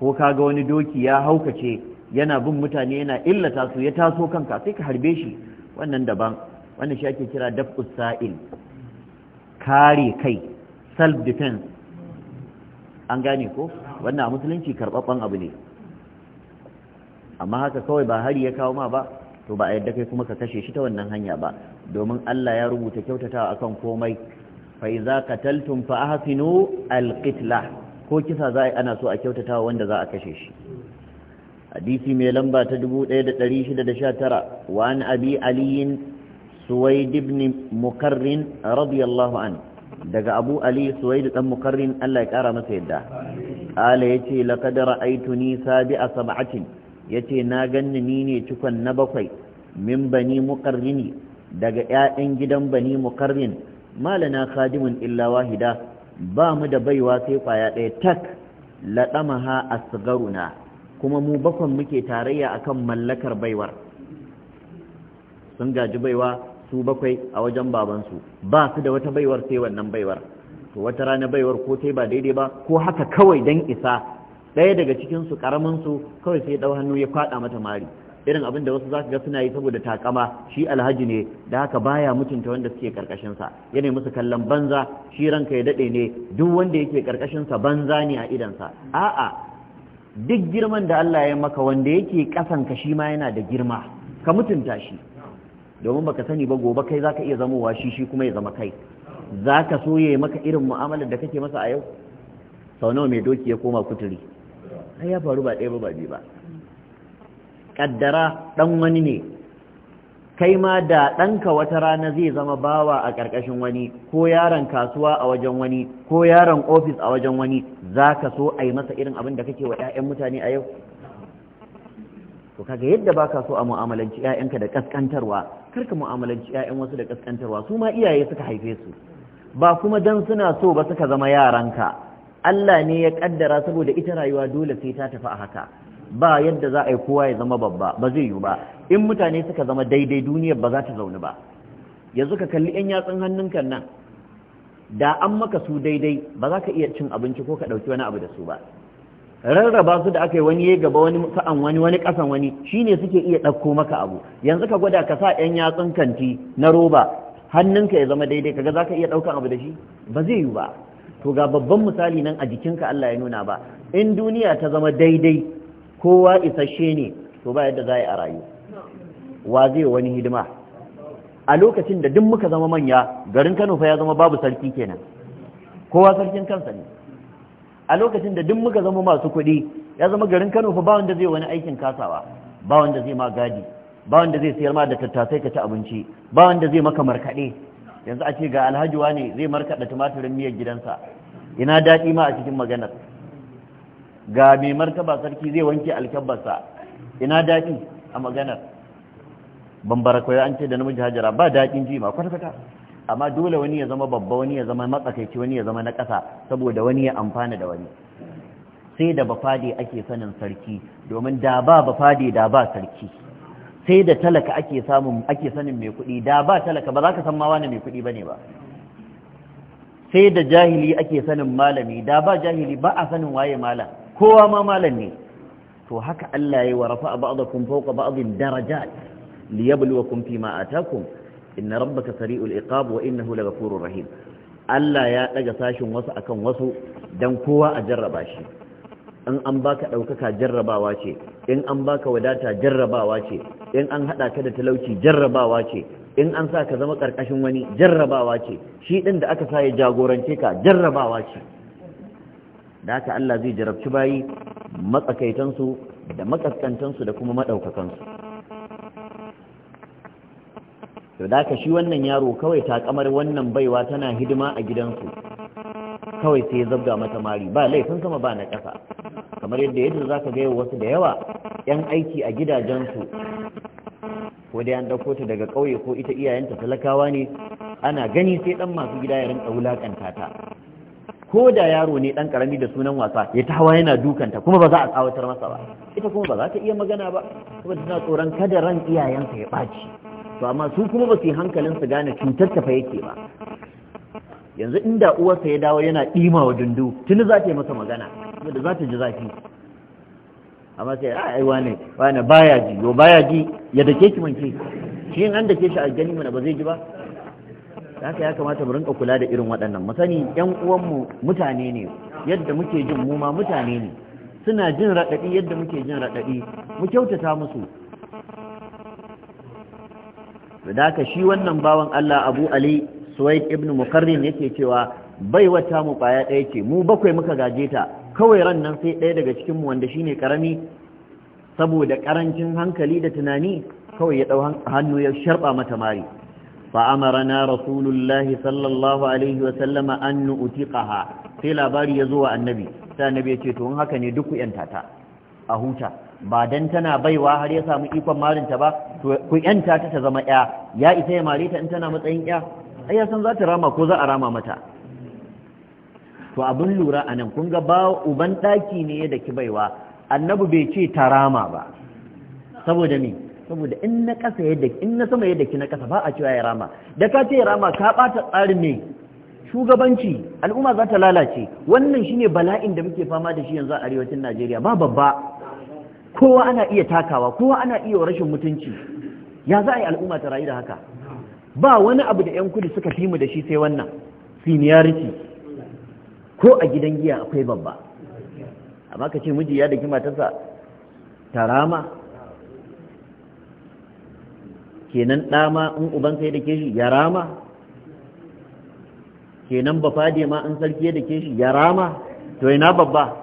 ko ka ga wani doki ya haukace yana bin mutane yana illata su ya taso kanka sai ka harbe shi wannan daban wannan shi ake kira daf'us sa'il kare kai self defense an gane ko wannan musulunci karɓaɓɓen abu ne amma haka kawai ba hari ya kawo ma ba to ba a yadda kai kuma ka kashe shi ta wannan hanya ba domin Allah ya rubuta kyautatawa akan komai fa iza qataltum fa ahsinu alqitla ko kisa za a ana so a kyautatawa wanda za a kashe shi hadisi mai lamba ta 1619 wa an abi aliyin suwaid ibn mukarrin radiyallahu anhu daga abu ali suwaidu dan mukarrin Allah ya kara masa yadda ala yace sabi a sabi'a ya yace na ganni ni ne cikon na bakwai min bani mukarrini daga 'ya'yan gidan bani mukarrin malana khadimun illa wahida ba mu da baiwa sai kwaya ɗaya tak laɗamaha asgaruna kuma mu bakwan muke tarayya akan mallakar baiwar sun gaji baiwa su bakwai a wajen babansu ba su da wata baiwar sai wannan baiwar to wata rana baiwar ko sai ba daidai ba ko haka kawai dan isa ɗaya daga cikin su karamin su kawai sai dau hannu ya kwada mata mari irin abin da wasu za ga suna yi saboda takama shi alhaji ne da haka baya mutunta wanda suke karkashin sa yana musu kallon banza shi ranka ya dade ne duk wanda yake karkashin sa banza ne a idan sa a'a duk girman da Allah ya maka wanda yake kasan ka shi ma yana da girma ka mutunta shi domin baka sani ba gobe kai zaka iya zamowa shi shi kuma ya zama kai zaka so yayi maka irin mu'amalar da kake masa a yau sau nawa mai doki ya koma kuturi ai ya faru ba ɗaya ba ba ba kaddara dan wani ne kai ma da ɗanka wata rana zai zama bawa a ƙarƙashin wani ko yaron kasuwa a wajen wani ko yaron ofis a wajen wani za ka so a yi masa irin abin da kake wa 'ya'yan mutane a yau to kaga yadda ba ka so a mu'amalanci 'ya'yanka da ƙasƙantarwa karka mu'amalanci ƴaƴan wasu da kaskantarwa su ma iyaye suka haife su ba kuma dan suna so ba suka zama yaranka Allah ne ya ƙaddara saboda ita rayuwa dole sai ta tafi a haka ba yadda za a yi kowa ya zama babba ba zai yiwu ba in mutane suka zama daidai duniyar ba za ta zaune ba yanzu ka kalli ƴan yatsun hannunka nan da an maka su daidai ba za ka iya cin abinci ko ka ɗauki wani abu da su ba rarraba su da aka yi wani gaba wani sa'an wani wani kasan wani shine suke iya ɗauko maka abu yanzu ka gwada ka sa ɗan yatsun kanti na roba hannunka ya zama daidai kaga ka iya ɗaukan abu da shi ba zai yi ba to ga babban misali nan a jikinka Allah ya nuna ba in duniya ta zama daidai kowa isasshe ne to ba yadda za a rayu wa zai wani hidima a lokacin da duk muka zama manya garin Kano fa ya zama babu sarki kenan kowa sarkin kansa ne a lokacin da duk muka zama masu kuɗi ya zama garin Kano fa ba wanda zai wani aikin kasawa ba wanda zai ma gadi ba wanda zai sayar ma da tattasai ka ci abinci ba wanda zai maka markade yanzu a ce ga alhaji wane zai markaɗa tumatirin miyar gidansa ina dadi ma a cikin maganar ga mai martaba sarki zai wanke alƙabarsa, ina dadi a maganar Ban koyo an ce da namiji hajara ba daɗin ji ma kwata amma dole wani ya zama babba wani ya zama matsakaici wani ya zama na ƙasa saboda wani ya amfana da wani sai da bafade ake sanin sarki domin da ba bafade da ba sarki sai da talaka ake samun ake sanin mai kuɗi da ba talaka ba za ka san ma wani mai kuɗi bane ba sai da jahili ake sanin malami da ba jahili ba a sanin waye malam kowa ma malam ne to haka Allah ya warafa ba'dakum fawqa ba'dhin darajat liyabluwakum fima atakum inna rabbaka sari'ul iqab wa innahu laghafurur rahim Allah ya daga sashin wasu akan wasu dan kowa a jarraba shi in an baka daukaka jarrabawa ce in an baka wadata jarrabawa ce in an hada ka da talauci jarrabawa ce in an sa ka zama karkashin wani jarrabawa ce shi din da aka sa ya jagorance ka jarrabawa ce da haka Allah zai jarabci bayi matsakaitansu da makaskantansu da kuma madaukakansu to da ka shi wannan yaro kawai ta kamar wannan baiwa tana hidima a gidansu kawai sai ya zabga mata mari ba laifin sama ba na kasa. kamar yadda yadda za ka gaya wasu da yawa 'yan aiki a gidajensu ko dai an ɗauko ta daga ƙauye ko ita iyayenta talakawa ne ana gani sai ɗan masu gida ya rinka wulaƙanta ta ko da yaro ne ɗan ƙarami da sunan wasa ya ta hawa yana dukanta kuma ba za a tsawatar masa ba ita kuma ba za ta iya magana ba saboda tana tsoron kada ran iyayensa ya ɓaci to amma su kuma ba su yi hankalin su gane cutar fa yake ba yanzu inda uwarsa ya dawo yana ɗima wa dundu tuni za ta yi masa magana da za ta ji zafi amma sai ai wane wane baya ji yo baya ji ya dake ki manke shi an dake shi gani mana ba zai ji ba haka ya kamata mu rinka kula da irin waɗannan mu sani ƴan uwanmu mutane ne yadda muke jin mu ma mutane ne suna jin raɗaɗi yadda muke jin raɗaɗi mu kyautata musu da haka shi wannan bawan Allah Abu Ali Suwaid ibn Mukarrin yake cewa bai wata mu kwaya ɗaya ce mu bakwai muka gaje ta kawai ran nan sai ɗaya daga cikinmu wanda wanda shine karami saboda karancin hankali da tunani kawai ya dau hannu ya sharɓa mata mari fa amarna rasulullahi sallallahu alaihi wa sallama an nu'tiqaha sai labari ya zo wa annabi sai annabi ya ce to in haka ne duk ku yanta ta a huta ba dan tana baiwa har ya samu ikon marinta ba to ku yanta ta ta zama ya ya isa ya mare ta in tana matsayin ya ai ya san za ta rama ko za a rama mata to abin lura anan kun ga ba uban daki ne da ki baiwa annabi bai ce ta rama ba saboda me saboda in na kasa yadda in na sama yadda ki na kasa ba a cewa ya rama da ka ce ya rama ka bata tsarin ne shugabanci al'umma za ta lalace wannan shine bala'in da muke fama da shi yanzu a arewacin Najeriya ba babba kowa ana iya takawa kowa ana iya rashin mutunci ya za a yi al'umma ta rayu da haka ba wani abu da 'yan kudu suka fi mu da shi sai wannan seniority ko a gidan giya akwai babba amma ka ce miji ya daki matarsa tarama kenan ɗama in ubansa ya dake shi ya rama kenan bafade ma in sarki ya dake shi ya rama to ina babba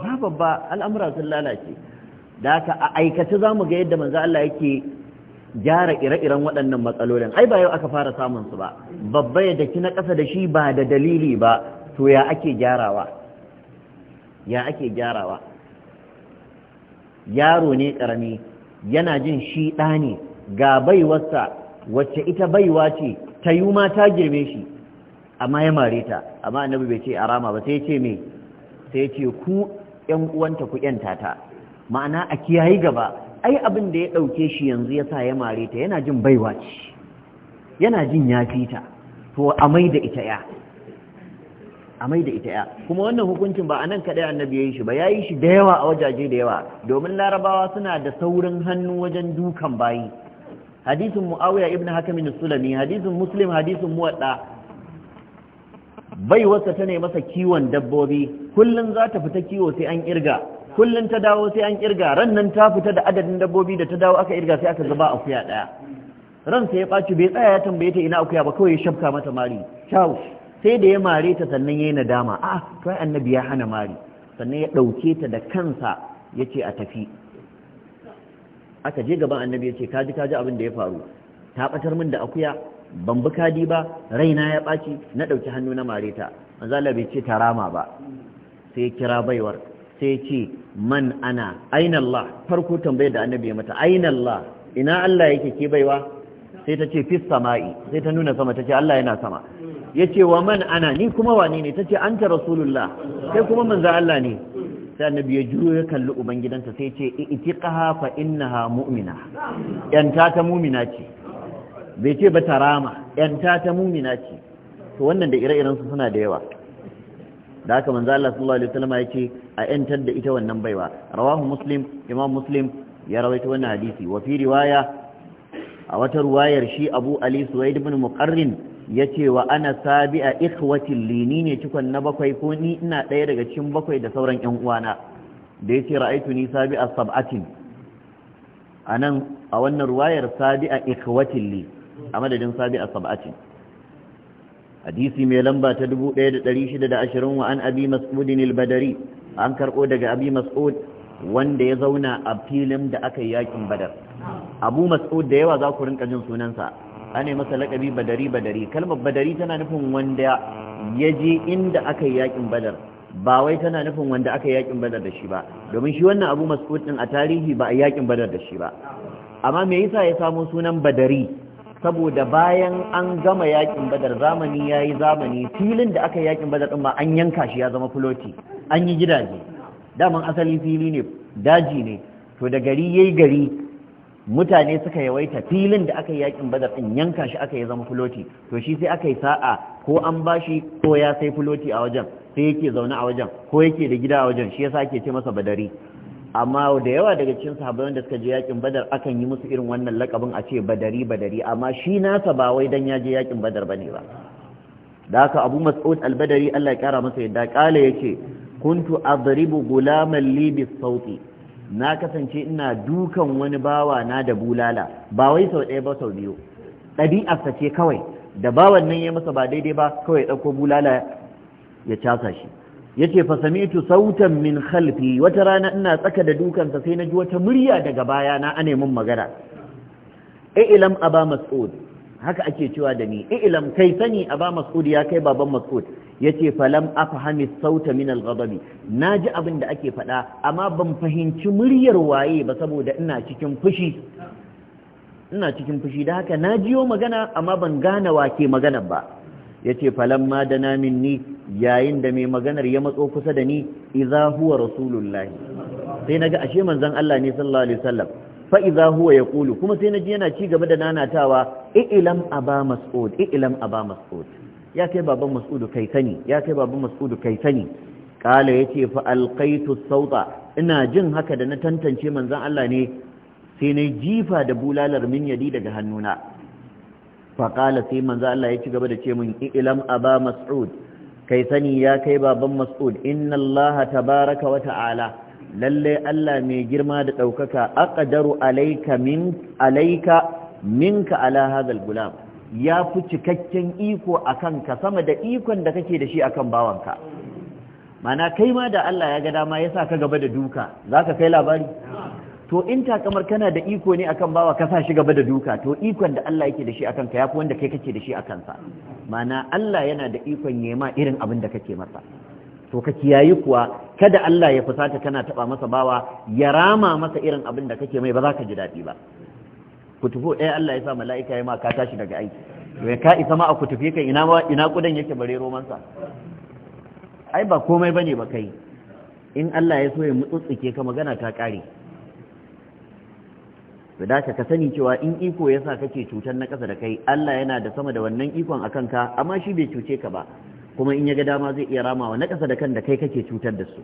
ba babba al'amura sun lalace da aka a aikace za mu ga yadda manzo Allah yake gyara ire-iren waɗannan matsalolin ai ba yau aka fara samun su ba babba ya ki na ƙasa da shi ba da dalili ba to ya ake gyarawa ya ake gyarawa yaro ne ƙarami yana jin shi ɗa ne ga baiwarsa wacce ita baiwa ce ta yi ma ta girme shi amma ya mare ta amma annabi bai ce a rama ba sai ya ce me sai ce ku ƴan uwanta ku ƴan tata. ma'ana a kiyayi gaba ai abin da ya ɗauke shi yanzu ya sa ya mare ta yana jin baiwa ce yana jin ya ta, to a mai da ita ya kuma wannan hukuncin ba a nan kaɗai annabi ya yi shi ba ya yi shi da yawa a wajaje da yawa domin larabawa suna da saurin hannu wajen dukan bayi hadisin mu'awiya ibn hakamin sulami hadisin muslim hadisin muwadda bai wasa ta ne masa kiwon dabbobi kullum za ta fita kiwo sai an kirga kullum ta dawo sai an kirga ran nan ta fita da adadin dabbobi da ta dawo aka kirga sai aka zuba akuya daya ran sai ya baci bai tsaya ya tambaye ta ina akuya ba kawai ya shafka mata mari shawo sai da ya mare ta sannan yayin nadama a ah, kai annabi ya hana mari sannan ya dauke ta da kansa yace a tafi aka je gaban annabi yace kaji kaji abin da ya faru ta batar min da akuya ban buka di ba raina ya baci na dauki hannu na mare ta manzo Allah bai ce tarama ba sai ya kira baiwar sai ce man ana aina Allah farko tambayar da annabi ya mata aina Allah ina Allah yake ke baiwa sai ta ce fis sama'i sai ta nuna sama ta ce Allah yana sama yace wa man ana ni kuma wani ne tace anta rasulullah kai kuma manzo Allah ne sai annabi ya juro ya kalli ubangidanta sai ce itiqaha fa innaha mu'mina yanta ta mu'mina ce bai ce ba tarama yanta ta mu'mina ce to wannan da ire-iren su suna da yawa da haka manzo Allah sallallahu alaihi wasallam yace a yantar da ita wannan baiwa rawahu muslim imam muslim ya rawaito wannan hadisi wa fi riwaya a wata ruwayar shi Abu Ali Suwaid ibn Muqarrin yace wa ana sabi'a ikhwati lini ne cikon na bakwai ko ni ina daya daga cikin bakwai da sauran ƴan uwana da yace ra'aitu ni sabi'a sab'atin anan a wannan ruwayar sabi'a ikhwati li a madadin a sab'atin hadisi mai lamba ta 1620 wa an abi mas'udin al-badari an karɓo daga abi mas'ud wanda ya zauna a filin da aka yi yakin badar abu mas'ud da yawa za ku rinka jin sunansa ana masa laƙabi badari badari kalmar badari tana nufin wanda ya je inda aka yi yakin badar ba wai tana nufin wanda aka yi yakin badar da shi ba domin shi wannan abu mas'ud din a tarihi ba a yakin badar da shi ba amma me yasa ya samo sunan badari saboda bayan an gama yakin badar zamani ya yi zamani filin da aka yakin badar ɗin ma an yanka shi ya zama filoti, an yi gidaje daman asali fili ne daji ne to da gari ya yi gari mutane suka yawaita filin da aka yakin badar ɗin yanka shi aka yi zama filoti, to shi sai aka yi sa'a ko an bashi ko ya sai filoti a wajen sai yake zaune a wajen ko yake da gida a wajen shi yasa ake ce masa badari amma da yawa daga cikin sahabbai da suka je yakin badar akan yi musu irin wannan lakabin a ce badari badari amma shi nasa ba wai dan ya je yakin badar ba ne ba da haka abu mas'ud al-badari Allah ya kara masa yadda kala yake kuntu adribu gulaman li sauti na kasance ina dukan wani bawa na da bulala ba wai sau ɗaya ba sau biyu ɗabi'arsa ce kawai da bawan nan ya masa ba daidai ba kawai dauko bulala ya casa shi yace fa sami'tu sautan min khalfi wata rana ina tsaka da dukansa sai naji wata murya daga baya na ane mun magana i'lam aba mas'ud haka ake cewa da ni i'lam kai sani aba mas'ud ya kai baban mas'ud yace falam afhami sauta min al-ghadab naji abin da ake faɗa amma ban fahimci muryar waye ba saboda ina cikin fushi ina cikin fushi da haka na jiyo magana amma ban gane wake magana ba yace falamma dana ni yayin da mai maganar ya matso kusa da ni idza huwa rasulullahi sai ga ashe manzon Allah ne sallallahu alaihi wasallam fa idza huwa yaqulu kuma sai na ji yana ci gaba da nanatawa i'lam aba mas'ud i'lam aba mas'ud ya kai baban mas'ud kai sani ya kai baban mas'ud kai sani kala yace fa alqaitu sauta ina jin haka da na tantance manzon Allah ne sai na jifa da bulalar min yadi daga hannuna faƙala sai manzo Allah ya ci gaba da ce min ilam aba mas'ud kai sani ya kai baban mas'ud inna Allah tabaraka wa ta'ala lalle Allah mai girma da ɗaukaka aqdaru alayka min alayka minka ala hadha gulam ya fi cikakken iko a kanka, sama da ikon da kake da shi akan bawanka mana kai ma da Allah ya ga dama yasa ka gaba da duka Za ka kai labari to in takamar kana da iko ne akan bawa ka sa shi gaba da duka to ikon da Allah yake da shi akan ka yafi wanda kai kake da shi akan sa mana Allah yana da ikon yema irin abin da kake masa to ka kiyayi kuwa kada Allah ya fusata kana taba masa bawa ya rama masa irin abin da kake mai ba za ka ji daɗi ba kutufo ɗaya eh, Allah ya sa mala'ika ya ma ka tashi daga aiki to ya ka isa ma a kutufe kan ina ina kudan yake bare romansa ai ba komai bane ba kai in Allah ya so ya mutsutsuke ka magana ta kare da ka sani cewa in iko ya sa kake cutar na ƙasa da kai Allah yana da sama da wannan ikon a kanka amma shi bai cuce ka ba kuma in ya ga dama zai iya ramawa na ƙasa da kan da kai kake cutar da su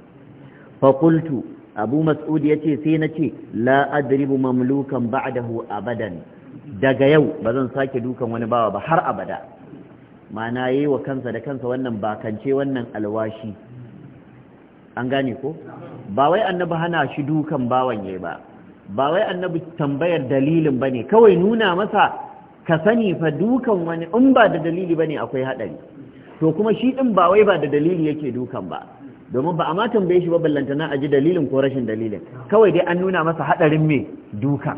fa qultu abu mas'ud yace sai na ce la adribu mamlukan ba'dahu abadan daga yau ba zan sake dukan wani bawa ba har abada ma'ana yayi wa kansa da kansa wannan bakance wannan alwashi an gane ko ba wai annabi hana shi dukan bawan yayi ba ba wai annabi tambayar dalilin bane kawai nuna masa ka sani fa dukan wani in ba da dalili bane akwai hadari to kuma shi ɗin ba wai ba da dalili yake dukan ba domin ba a ma tambaye shi ba ballanta na aji dalilin ko rashin dalilin kawai dai an nuna masa haɗarin me duka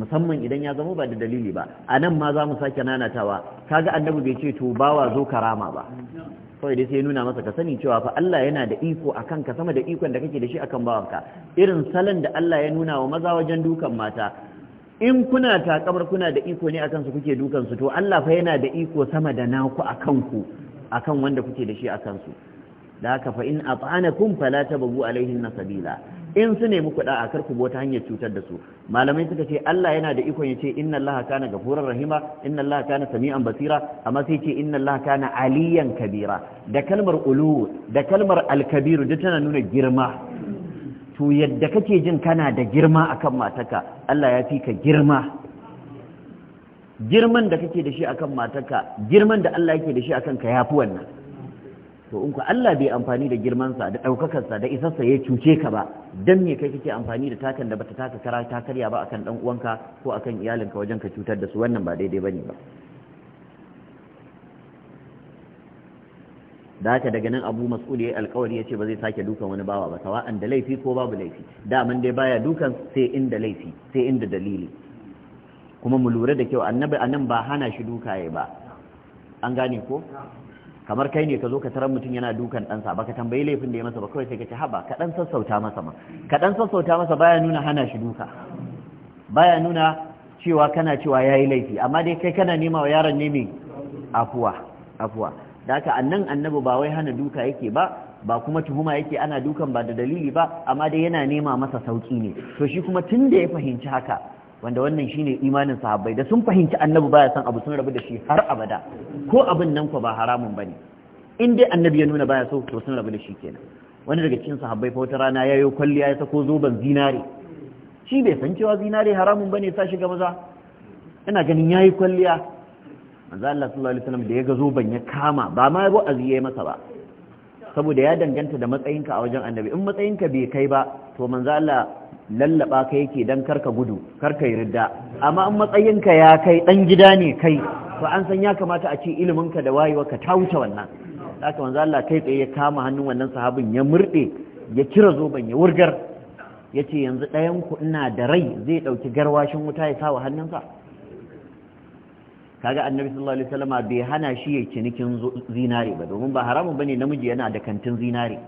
musamman idan ya zama ba da dalili ba a nan ma za mu sake nanatawa kaga annabi bai ce to bawa zo karama ba kawai dai sai nuna masa ka sani cewa fa Allah yana da iko akan ka sama da ikon da kake da shi akan bawanka irin salon da Allah ya nuna wa maza wajen dukan mata in kuna takamar kuna da iko ne akan su kuke dukansu to Allah fa yana da iko sama da naku akan ku akan wanda kuke da shi akan su da haka fa in at'anakum fala tabu alaihin sabila in su nemi kuɗa a karku bota hanyar cutar da su malamai suka ce Allah yana da ikon ya ce inna Allah kana gafurar rahima inna Allah kana sami'an basira amma sai ce inna Allah kana aliyan kabira da kalmar ulu da kalmar alkabiru duk tana nuna girma to yadda kake jin kana da girma akan mataka Allah ya fi ka girma girman da kake da shi akan mataka girman da Allah yake da shi akan ka yafi wannan to in ku Allah bai amfani da girmansa da ɗaukakarsa da isarsa ya cuce ka ba dan me kai kake amfani da takan da bata taka kara ta karya ba akan dan uwanka ko akan iyalinka wajen ka cutar da su wannan ba daidai bane ba da haka daga nan abu mas'ul yayi alkawari ce ba zai sake dukan wani bawa ba an da laifi ko babu laifi daman dai baya dukan sai inda laifi sai inda dalili kuma mu lura da kyau annabi anan ba hana shi duka yayi ba an gane ko kamar kai ne ka zo ka tarar mutum yana dukan ɗansa baka tambayi laifin da ya masa ba kawai sai ka ce haba ka ɗan sassauta masa ma ka ɗan sassauta masa baya nuna hana shi duka baya nuna cewa kana cewa ya yi laifi amma dai kai kana nema wa yaron ne mai afuwa afuwa da haka annan annabi ba wai hana duka yake ba ba kuma tuhuma yake ana dukan ba da dalili ba amma dai yana nema masa sauki ne to shi kuma tun da ya fahimci haka wanda wannan shine imanin sahabbai da sun fahimci annabi baya son abu sun rabu da shi har abada ko abin nan ko ba haramun bane in dai annabi ya nuna baya so to sun rabu da shi kenan wani daga cikin sahabbai fa wata rana yayo kwalliya ya sako zoben zinare shi bai san cewa zinare haramun bane sa ga maza ina ganin yayi kwalliya manzo Allah sallallahu alaihi wasallam da ya ga zoben ya kama ba ma wa'azi aziye masa ba saboda ya danganta da matsayinka a wajen annabi in matsayinka bai kai ba to manzo Allah lallaba ka yake dan karka gudu karka yi ridda amma in matsayinka ya kai ɗan gida ne kai to an san ya kamata a ce iliminka da wayewa ta wuce wannan haka wanzu Allah kai tsaye ya kama hannun wannan sahabin ya murde ya kira zoben, ya wurgar Ya ce yanzu ɗayan ku ina da rai zai ɗauki garwashin wuta ya sawa hannunsa kaga annabi sallallahu alaihi wasallama bai hana shi ya cinikin zinare ba domin ba haramun bane namiji yana da kantin zinare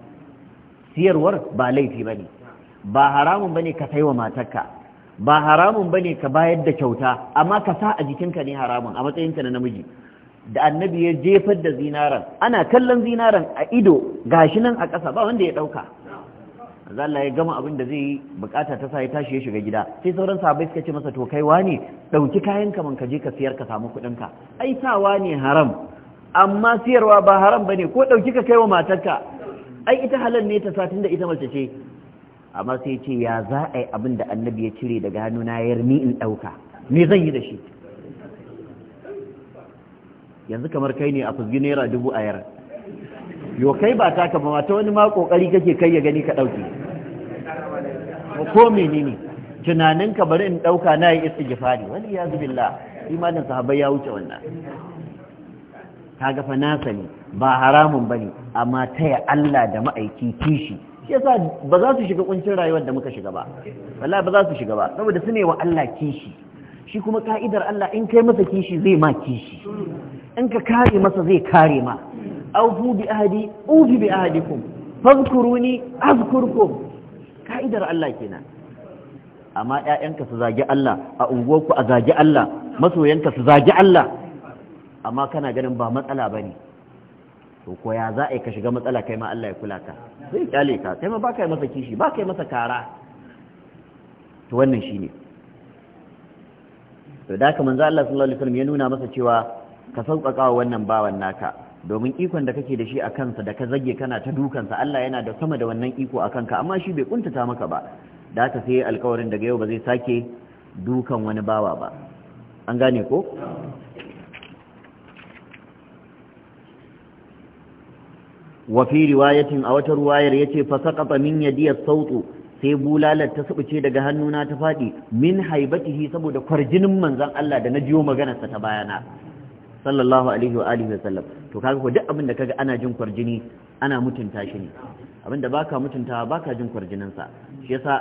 siyarwar ba laifi bane ba haramun bane ka wa matarka ba haramun bane ka bayar da kyauta amma ka sa a jikinka ne haramun a matsayinka na namiji da annabi ya jefar da zinaran ana kallon zinaran a ido gashi nan a ƙasa ba wanda ya ɗauka Allah ya gama abin da zai yi bukata ta sa ya tashi ya shiga gida sai sauran sahabbai suka ce masa to kai wani ɗauki kayan ka man ka je ka siyar ka samu kuɗin ka ai sawa ne haram amma siyarwa ba haram bane ko ɗauki ka kai wa matarka ai ita halal ne ta satin da ita mace ce amma sai ce ya za a yi abin da annabi ya cire daga hannuna ya yarmi in ɗauka me zan yi da shi yanzu kamar kai ne a fuzgi naira dubu a yar yo kai ba ta kama mata wani ma kokari kake kai ya gani ka ɗauke ko menene tunanin ka bari in ɗauka na yi istighfari wani ya zubilla imanin sahabai ya wuce wannan Ka gafa nasa ne ba haramun bane amma taya Allah da ma'aiki kishi shi yasa ba za su shiga kuncin rayuwar da muka shiga ba wallahi ba za su shiga ba saboda su ne wa Allah kishi shi kuma ka'idar Allah in kai masa kishi zai ma kishi in ka kare masa zai kare ma aufu bi ahadi ufi bi ahadikum fazkuruni azkurkum ka'idar Allah kenan amma ƴaƴanka su zagi Allah a unguwarku a zagi Allah masoyanka su zagi Allah amma kana ganin ba matsala bane to ko ya za a yi ka shiga matsala kai ma Allah ya kula ka zai kyale ka kai ma ba ka yi masa kishi ba ka yi masa kara to wannan shi ne to da ka manza Allah sallallahu alaihi wasallam ya nuna masa cewa ka sauƙaƙa wa wannan bawan naka domin ikon da kake da shi a kansa da ka zage kana ta dukansa Allah yana da sama da wannan iko a kanka amma shi bai kuntata maka ba da ka sai alƙawarin daga yau ba zai sake dukan wani bawa ba an gane ko wa fi riwayatin a wata ruwayar yace fa saqata min yadi as-sawtu sai bulalar ta subuce daga hannuna ta faɗi min haibatihi saboda kwarjinin manzon Allah da na jiyo maganarsa ta bayana sallallahu alaihi wa alihi wasallam to kaga ko duk abin da kaga ana jin kwarjini ana mutunta shi ne abin da baka mutunta baka jin kwarjinin sa shi yasa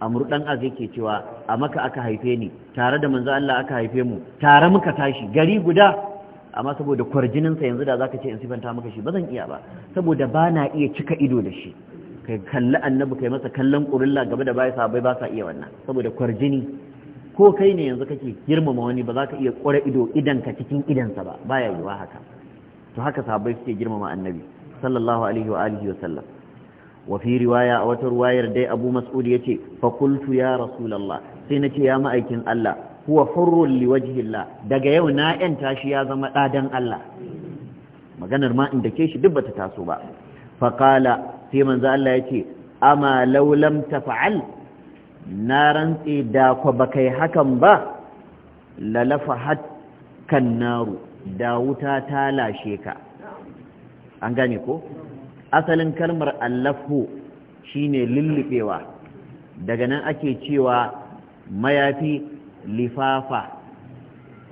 murdan dan Az yake cewa a maka aka haife ni tare da manzon Allah aka haife mu tare muka tashi gari guda amma saboda kwarjininsa yanzu da zaka ce in sifanta maka shi ba zan iya ba saboda ba na iya cika ido da shi kai kalli annabi kai masa kallon kurilla gaba da bayi sabai ba sa iya wannan saboda kwarjini ko kai ne yanzu kake girmama wani ba za ka iya kware ido idan ka cikin idansa ba baya yiwa haka to haka sabai suke girmama annabi sallallahu alaihi wa alihi wa sallam wa fi riwaya a wata riwayar dai Abu Mas'ud yace fa qultu ya Rasulullah sai nace ya ma'aikin Allah huwa hurrun liwajhillah daga yau na yanta shi ya zama ɗadan Allah maganar ma inda ke shi duk bata taso ba Faƙala sai manzo Allah yace amma law lam taf'al na rantse da ku bakai hakan ba lalafahat kan naru da wuta ta lashe ka an gane ko asalin kalmar allafu shine lullubewa daga nan ake cewa mayafi lifafa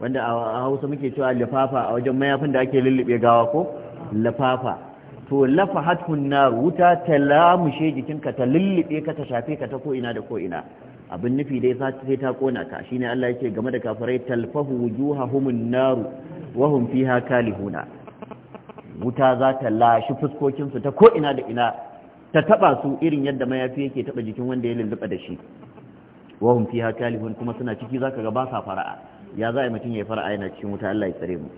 wanda a hausa muke cewa lifafa a wajen mayafin da ake lullube gawa ko lifafa to lafa hatun na wuta ta lamushe jikinka ta lullube ka ta shafe ka ta ko'ina da ko'ina abin nufi dai sai ta kona ka shine Allah yake game da kafirai talfahu wujuhahumun naru wa hum fiha kalihuna wuta za ta lashi fuskokinsu ta ko'ina da ina ta taba su irin yadda mayafi yake taba jikin wanda ya lulluɓa da shi wahum fiha kalihun kuma suna ciki zaka ga ba sa fara'a ya za a yi mutum ya fara'a yana cikin wuta Allah ya tsare mu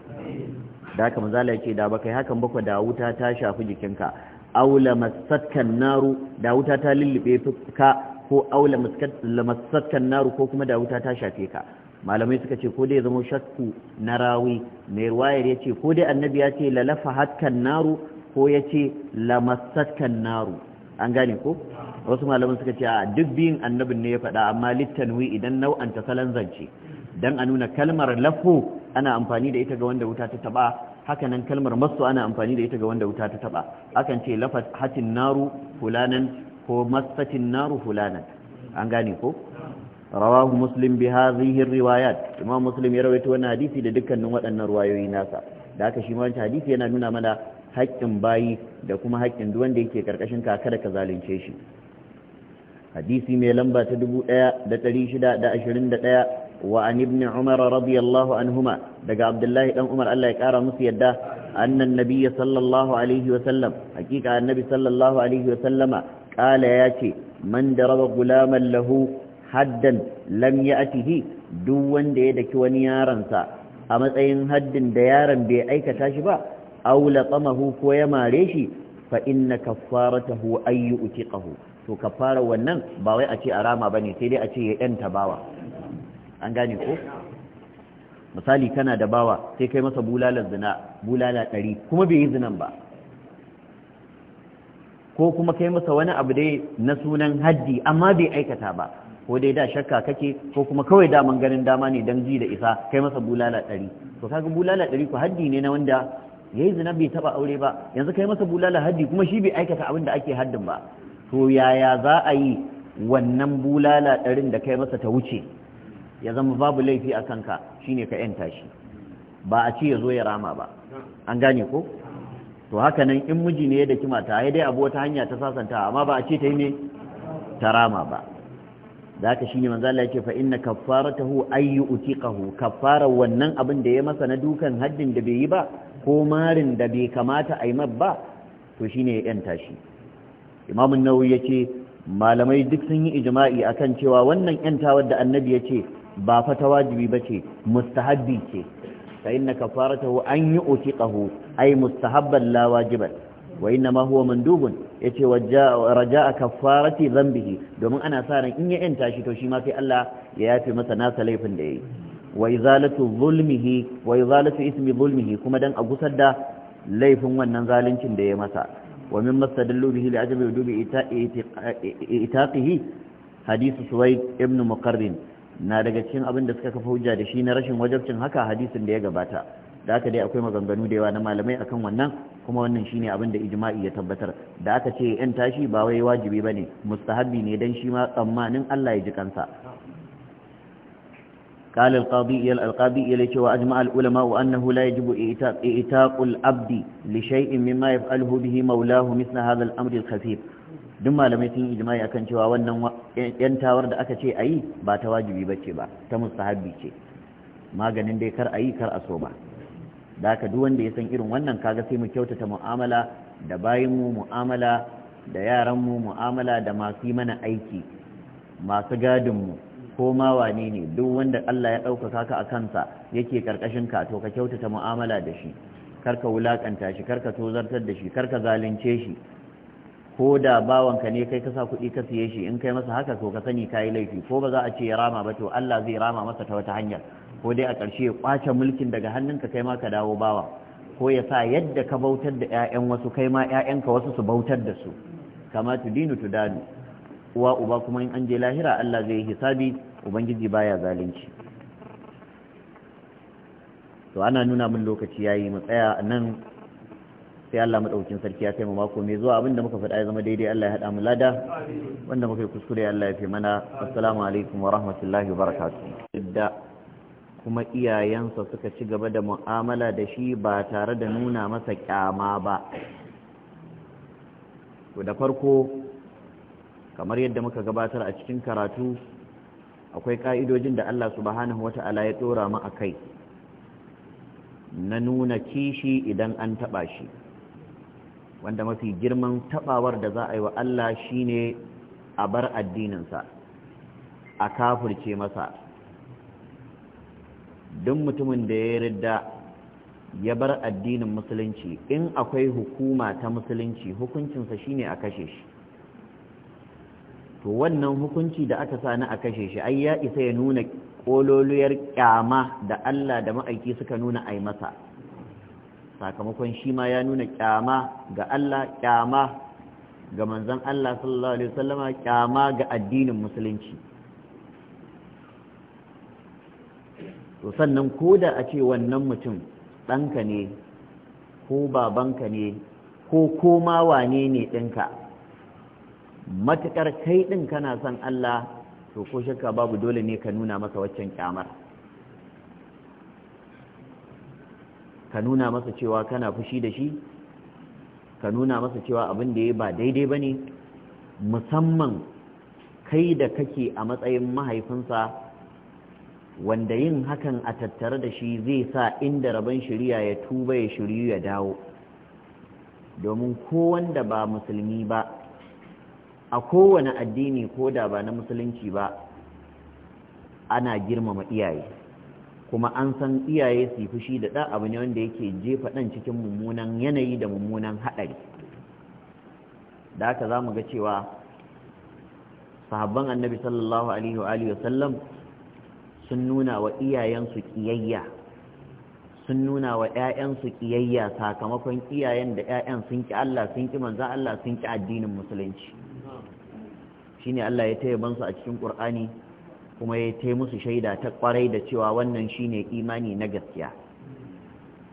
da haka manzo Allah yake da baka hakan baka da wuta ta shafi jikinka aula masakkan naru da wuta ta lillibe ka ko aula masakkan naru ko kuma da wuta ta shafe ka malamai suka ce ko dai zama shakku na rawi mai ruwayar yace ko dai annabi ya ce lalafa hatkan naru ko ya ce lamasatkan naru an gane ko wasu malaman suka ce a duk biyun annabin ne ya faɗa amma littanwi idan nau'an ta salon zance don a nuna kalmar lafo ana amfani da ita ga wanda wuta ta taba haka kalmar masu ana amfani da ita ga wanda wuta ta taba akan ce lafat hatin naru hulanan ko masatin naru hulanan an gane ko rawahu muslim bi hadhihi riwayat imam muslim ya rawaito wannan hadisi da dukkanin waɗannan ruwayoyi nasa da aka shi ma wancan hadisi yana nuna mana haƙƙin bayi da kuma haƙƙin duk wanda yake karkashin ka kada ka zalunce shi hadisi mai lamba ta 1621 wa an ibn umar radiyallahu anhuma daga abdullahi dan umar Allah ya kara musu yadda annan nabiyyi sallallahu alaihi wa sallam hakika annabi sallallahu alaihi wa sallama kala yace man daraba gulaman lahu haddan lam ya'tihi duk wanda ya daki wani yaransa a matsayin haddin da yaron bai aikata shi ba aw laqamahu ko ya mare shi fa inna kaffaratahu ayyu utiqahu to ka fara wannan ba wai a ce a rama ne sai dai a ce ya yanta bawa an gane ko misali kana da bawa sai kai masa bulalar zina bulala ɗari kuma bai yi zinan ba ko kuma kai masa wani abu dai na sunan haddi amma bai aikata ba ko dai da shakka kake ko kuma kawai daman ganin dama ne don ji da isa kai masa bulala ɗari to kaga bulala ɗari ko haddi ne na wanda ya yi zina bai taɓa aure ba yanzu kai masa bulala haddi kuma shi bai aikata abin da ake haddin ba to yaya za a yi wannan bulala ɗarin da kai masa ta wuce ya zama babu laifi a kanka shine ka yanta shi ba a ci ya zo ya rama ba an gane ko to haka nan in miji ne ya daki mata dai abu wata hanya ta sasanta amma ba a ce ta yi ne ta rama ba Za ka shi shine manzo Allah yake fa inna kaffaratahu ay yu'tiqahu kaffara wannan abin da ya masa na dukan haddin da bai yi ba ko marin da bai kamata a yi ba to shine ya yanta shi imamun ya yace malamai duk sun yi a akan cewa wannan yantawar da annabi ya ce ba fata wajibi ce mustahabbi ce fa inna hu an yu'tiqahu ay mustahabban la wajiban wa inna ma huwa mandubun yace raja'a kafarati dhanbihi domin ana sa ran in ya yanta shi to shi ma sai Allah ya yafe masa nasa laifin da yayi wa izalatu zulmihi wa izalatu ismi zulmihi kuma dan a gusar da laifin wannan zaluncin da ya masa ومما استدلوا به لعجب وجوب إتاقه حديث سويد ابن مقرن na daga cikin abin da suka kafa hujja da shi na rashin wajabcin haka hadisin da ya gabata da aka dai akwai maganganu da yawa na malamai akan wannan kuma wannan shine abin da ijma'i ya tabbatar da aka ce yan tashi ba wai wajibi bane mustahabi ne dan shi ma tsammanin Allah ya ji kansa قال القاضي القاضي يليك وأجمع العلماء أنه لا يجب إئتاق, إئتاق الأبد لشيء مما يفعله به مولاه مثل هذا الأمر الخفيف duk malamai sun yi ijma'i akan cewa wannan yantawar da aka ce a yi ba ta wajibi bace ba ta mustahabbi ce maganin dai kar a yi kar a so ba da haka duk wanda ya san irin wannan kaga sai mu kyautata mu'amala da bayin mu mu'amala da yaran mu amala, da masu mana aiki masu gadin mu ko ma wane ne duk wanda Allah ya ɗaukaka ka a kansa yake karkashin ka to ka kyautata mu'amala da shi karka wulakanta shi karka tozartar da shi karka zalunce shi ko da bawanka ne kai ka sa kuɗi ka siye shi in kai masa haka to ka sani kayi laifi ko ba za a ce ya rama ba to Allah zai rama masa ta wata hanyar ko dai a ƙarshe ya kwace mulkin daga hannunka kai ma ka dawo bawa ko ya sa yadda ka bautar da 'ya'yan wasu kai ma 'ya'yanka wasu su bautar da su kama tu tudanu uwa uba kuma in an je lahira Allah zai yi hisabi ubangiji baya zalunci to ana nuna min lokaci yayi mu tsaya nan sai Allah madaukin sarki ya kai mu mako mai zuwa abinda muka faɗa ya zama daidai Allah ya haɗa mu lada wanda muka yi kuskure Allah ya fi mana assalamu alaikum wa rahmatullahi wa barakatuh da kuma iyayensa suka ci gaba da mu'amala da shi ba tare da nuna masa kyama ba da farko kamar yadda muka gabatar a cikin karatu akwai ka'idojin da Allah subhanahu ta'ala ya tsora mu a kai na nuna kishi idan an taɓa shi wanda mafi girman taɓawar da za a yi wa Allah shine a bar addininsa a kafirce masa duk mutumin da ya yarda ya bar addinin musulunci in akwai hukuma ta musulunci hukuncinsa shine a kashe shi to wannan hukunci da aka sa na a kashe shi ai ya isa ya nuna ƙololuyar ƙyama da Allah da ma'aiki suka nuna ai masa sakamakon shi ma ya nuna ƙyama ga Allah kyama ga manzon Allah sallallahu alaihi wasallama kyama ga addinin musulunci to sannan ko da a ce wannan mutum ɗanka ne ko babanka ne ko koma wane ne ɗinka matuƙar kai ɗin kana son Allah to ko shakka babu dole ne ka nuna masa waccan kyamar ka nuna masa cewa kana fushi da shi ka nuna masa cewa abin da ya ba daidai ba ne musamman kai da kake a matsayin mahaifinsa wanda yin hakan a tattare da shi zai sa inda rabon shirya ya tuba ya shiryu ya dawo domin kowanda ba musulmi ba a kowane addini ko da ba na musulunci ba ana girmama iyaye kuma an san iyaye su fushi da ɗan abu ne wanda yake jefa ɗan cikin mummunan yanayi da mummunan haɗari da aka za mu ga cewa sahabban annabi sallallahu alaihi wa alihi wasallam sun nuna wa iyayensu ƙiyayya sun nuna wa ‘ya'yansu ƙiyayya sakamakon iyayen da ‘ya'yan sun ƙi Allah sun ƙi manzo Allah sun ƙi addinin musulunci shine Allah ya taya bansu a cikin Qur'ani kuma ya taya musu shaida ta kwarai da cewa wannan shine imani na gaskiya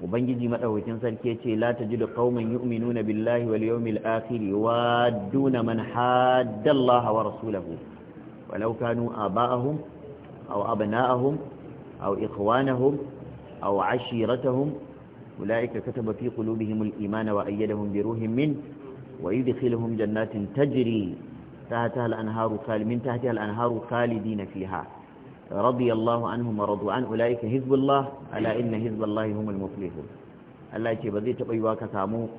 ubangiji madaukakin sarki yace la tajidu qauman yu'minuna billahi wal yawmil akhir yuwadduna man hadda Allah wa rasulahu walau kanu aba'ahum aw abna'ahum aw ikhwanahum aw 'ashiratahum أولئك كتب في قلوبهم الإيمان وأيدهم بروح منه تحتها الأنهار من تحتها الأنهار خالدين فيها رضي الله عنهم ورضوا عن أولئك حزب الله ألا إن حزب الله هم المفلحون الله يجي بزي تقوي واكا سامو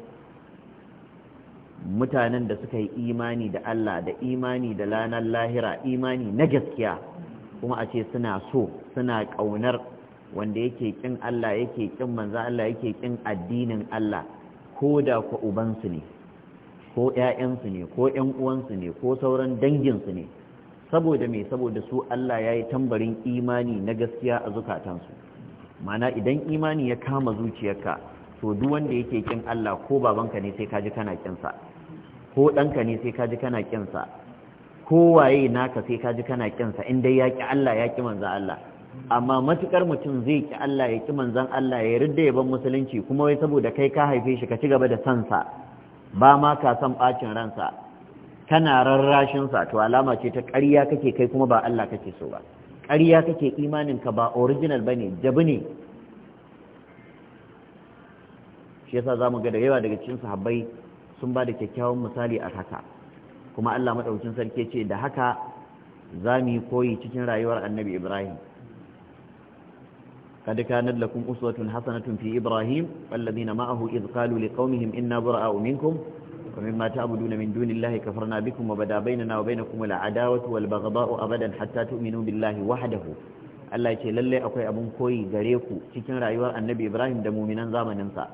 mutanen da suka yi imani da Allah da imani da lanar lahira imani na gaskiya kuma a ce suna so suna ƙaunar wanda yake kin Allah yake kin manzo Allah yake kin addinin Allah ko da ku ubansu ne ko ‘ya'yansu ne ko ‘yan uwansu ne ko sauran danginsu ne saboda mai saboda su Allah ya yi tambarin imani na gaskiya a zukatansu mana idan imani ya kama zuciyarka to duk wanda yake kin Allah ko babanka ne sai kaji kana kinsa ko ɗanka ne sai kaji kana kinsa ko waye naka sai kaji kana kinsa in dai ya ki Allah ya ki manzan Allah amma matukar mutum zai ki Allah ya ki manzan Allah ya yarda ya ban musulunci kuma wai saboda kai ka haife shi ka ci gaba da sansa ba ma ka san ɓacin ransa kana rarrashinsa to alama ce ta ƙarya kake kai kuma ba Allah kake so ba ƙarya kake imaninka ba original ba ne jabi ne shi yasa za mu ga da yawa daga cikin sahabbai sun ba da kyakkyawan misali a haka kuma Allah maɗaukin sarki ce da haka za mu yi koyi cikin rayuwar annabi Ibrahim قد كانت لكم أسوة حسنة في إبراهيم والذين معه إذ قالوا لقومهم إنا براء منكم ومما تعبدون من دون الله كفرنا بكم وبدا بيننا وبينكم العداوة والبغضاء أبدا حتى تؤمنوا بالله وحده Allah ya ce lalle akwai abun koyi gare ku cikin rayuwar annabi Ibrahim da muminan zamaninsa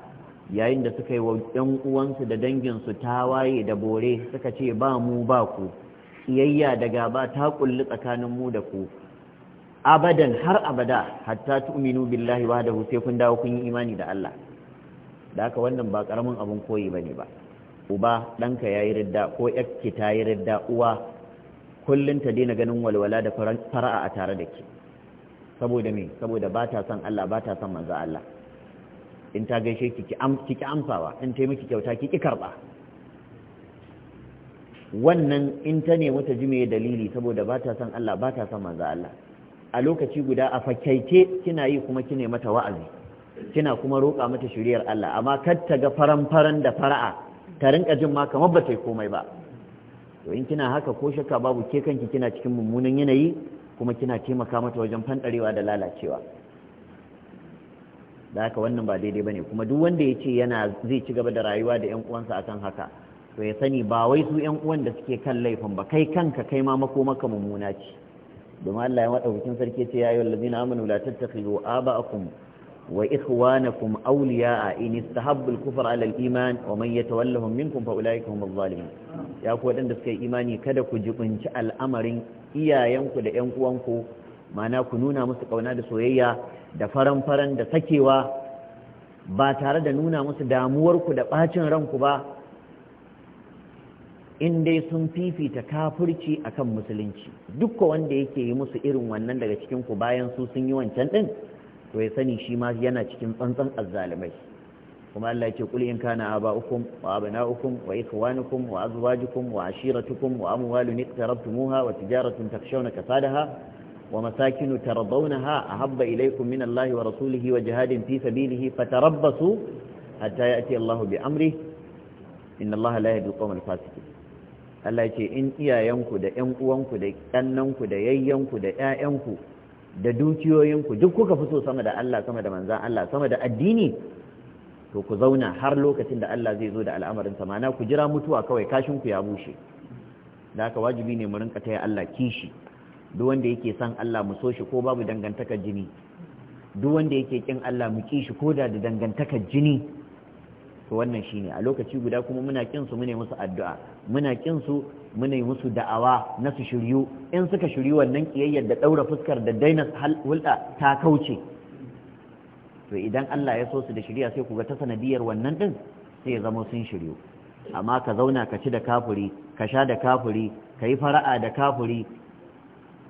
yayin da suka yi wa ɗan uwansu da danginsu tawaye da bore suka ce ba mu ba ku iyayya da gaba ta kulli tsakanin mu da ku abadan har abada hatta tu'minu billahi wahdahu sai kun dawo kun yi imani da Allah da haka wannan ba karamin abin koyi bane ba uba ɗanka yayi ridda ko yakki ta yi ridda uwa kullun ta daina ganin walwala da fara'a a tare da ke saboda me saboda ba ta son Allah ba ta son manzo Allah in ta gaishe ki ki amsawa in ta yi miki kyauta ki ki karba wannan in ta nemi ta ji dalili saboda ba ta son Allah ba ta son manzo Allah a lokaci guda a fakaice kina yi kuma kine mata wa'azi kina kuma roƙa mata shiriyar Allah amma kar ta ga faran-faran da fara'a ta rinka jin ma kamar ba ta yi komai ba to in kina haka ko shakka babu ke kanki kina cikin mummunan yanayi kuma kina taimaka mata wajen fanɗarewa da lalacewa da haka wannan ba daidai bane kuma duk wanda ya ce yana zai ci gaba da rayuwa da yan uwansa akan haka to ya sani ba wai su yan uwan da suke kan laifin ba kai kanka kai ma makomaka mummuna ce domin Allah ya madaukakin sarki ce ya ayyuhal ladina amanu la tattakhidhu aba'akum wa ikhwanakum awliya'a in istahabbu al-kufra 'ala al-iman wa man yatawallahum minkum fa ulaika humuz zalimun ya ku wadanda suka yi imani kada ku jibinci al'amarin iyayenku da ƴan uwanku mana ku nuna musu kauna da soyayya da faran faran da sakewa ba tare da nuna musu damuwarku da bacin ranku ba in dai sun fifita kafirci akan musulunci dukka wanda yake yi musu irin wannan daga cikin ku bayan su sun yi wancan din to ya sani shi ma yana cikin tsantsan azzalimai kuma Allah ya ce kul in kana aba'ukum wa abna'ukum wa ikhwanukum wa azwajukum wa ashiratukum wa amwalun iqtarabtumuha wa tijaratun takshawna kasadaha wa masakinu tardawnaha ahabba ilaykum min Allah wa rasulihi wa jihadin fi sabilihi fatarabbasu hatta ya'ti Allah bi amrihi inna Allah la yahdi al-qawma Allah ce in iyayenku da yan uwanku da ƙannanku da yayyanku da ƴaƴanku da dukiyoyinku duk kuka fito sama da Allah sama da manzan Allah sama da addini to ku zauna har lokacin da Allah zai zo da al'amarin sa mana ku jira mutuwa kawai kashin ku ya bushe da haka wajibi ne mu rinka taya Allah kishi duk wanda yake son Allah mu so shi ko babu dangantakar jini duk wanda yake kin Allah mu kishi ko da dangantakar jini to wannan shine a lokaci guda kuma muna kin su mune musu addu'a muna kin su mune musu da'awa na su shiryu in suka shiryu wannan kiyayyar da daura fuskar da daina hulɗa ta kauce to idan Allah ya so su da shirya sai ku ga ta sanadiyar wannan din sai ya zama sun shiryu amma ka zauna ka ci da kafuri ka sha da kafuri ka yi fara'a da kafuri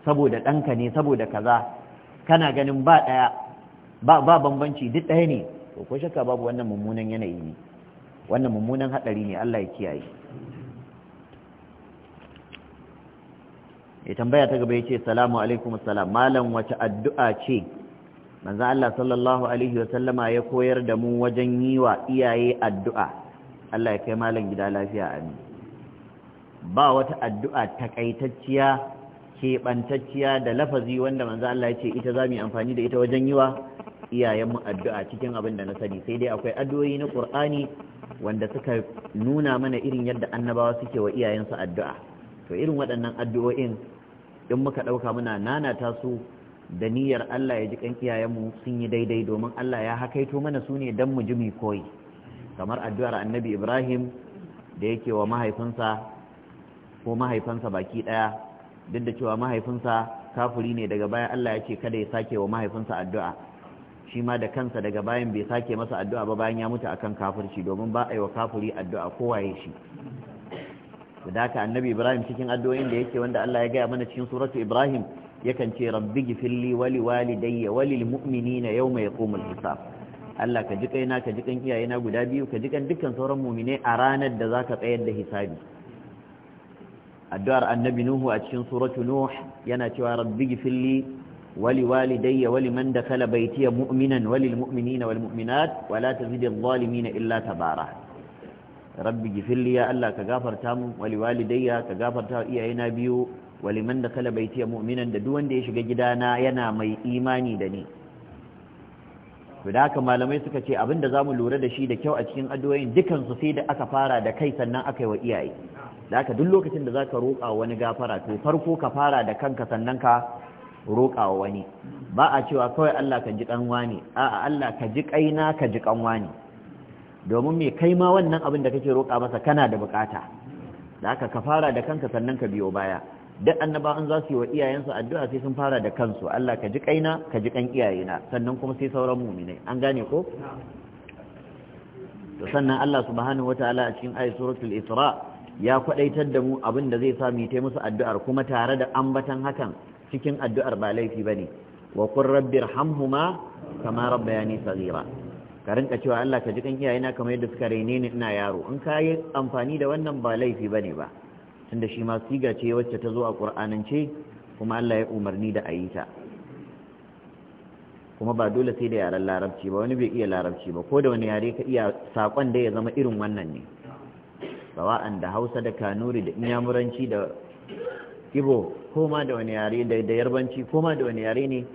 saboda ɗanka ne saboda kaza kana ganin ba ɗaya ba bambanci duk ɗaya ne to ko shakka babu wannan mummunan yanayi ne wannan mummunan hadari ne Allah ya kiyaye ya tambaya ta gaba yace salamu alaikum assalam malam wace addu'a ce manzo Allah sallallahu alaihi wa sallama ya koyar da mu wajen yi wa iyaye addu'a Allah ya kai malam gida lafiya amin ba wata addu'a takaitacciya keɓantacciya da lafazi wanda manzo Allah ya ce ita za mu yi amfani da ita wajen yi wa iyayenmu addu'a cikin abin da na sani sai dai akwai addu'o'i na Qur'ani wanda suka nuna mana irin yadda annabawa suke wa iyayensu addu'a to irin waɗannan addu'o'in in muka ɗauka muna nanata su da niyyar Allah ya ji kan iyayenmu sun yi daidai domin Allah ya hakaito mana su ne don mu ji mu koyi kamar addu'ar annabi Ibrahim da yake wa mahaifinsa ko mahaifinsa baki ɗaya duk da cewa mahaifinsa kafuri ne daga baya Allah ya ce kada ya sake wa mahaifinsa addu'a shi ma da kansa daga bayan bai sake masa addu'a ba bayan ya mutu akan kafurci domin ba a yi wa kafuri addu'a kowaye shi da haka annabi ibrahim cikin addu'o'in da yake wanda Allah ya gaya mana cikin suratu ibrahim yakan ce rabbi gifilli wali walidayya na yau mai yaqumul hisab Allah ka ji kaina ka ji kan iyayena guda biyu ka ji kan dukkan sauran mu'mine a ranar da za ka tsayar da hisabi addu'ar annabi nuhu a cikin suratu nuh yana cewa rabbi gifilli ولوالدي ولمن دخل بيتي مؤمنا وللمؤمنين والمؤمنات ولا تزد الظالمين إلا تبارا ربي اغفر لي يا الله كغفر ولوالدي كغفر تا ايينا ولمن دخل بيتي مؤمنا da duk wanda ya shiga gidana yana mai imani da ni haka malamai suka ce abinda zamu lura da shi da kyau a cikin addu'o'in dukan su sai da aka fara da kai sannan aka yi wa iyaye da haka duk lokacin da zaka roƙa wani gafara to farko ka fara da kanka sannan ka wa wani ba a cewa kawai Allah ka ji ƙanwa ne a'a Allah ka ji ƙaina ka ji ƙanwa ne domin mai kai ma wannan abin da kake roƙa masa kana da buƙata. da aka ka fara da kanka sannan ka biyo baya duk annabawan za su yi wa iyayensu addu'a sai sun fara da kansu Allah ka ji ƙaina ka ji ƙan iyayena sannan kuma sai sauran mu'minai an gane ko to sannan Allah subhanahu wataala a cikin ayatul suratul isra ya kwadaitar da mu abin da zai sa mu yi musu addu'ar kuma tare da ambatan hakan cikin addu'ar ba laifi bane wa qur rabbir hamhuma kama rabbayani saghira ka cewa Allah ka ji kan iyayena kamar yadda suka raine ni ina yaro in ka yi amfani da wannan ba laifi bane ba tunda shi ma siga ce wacce ta zo a ce kuma Allah ya umarni da ayi ta kuma ba dole sai da yaren larabci ba wani bai iya larabci ba ko da wani yare ka iya sakon da ya zama irin wannan ne sawa'an da Hausa da Kanuri da Inyamuranci da Ibo koma da wani yare da da yarbanci koma da wani yare ne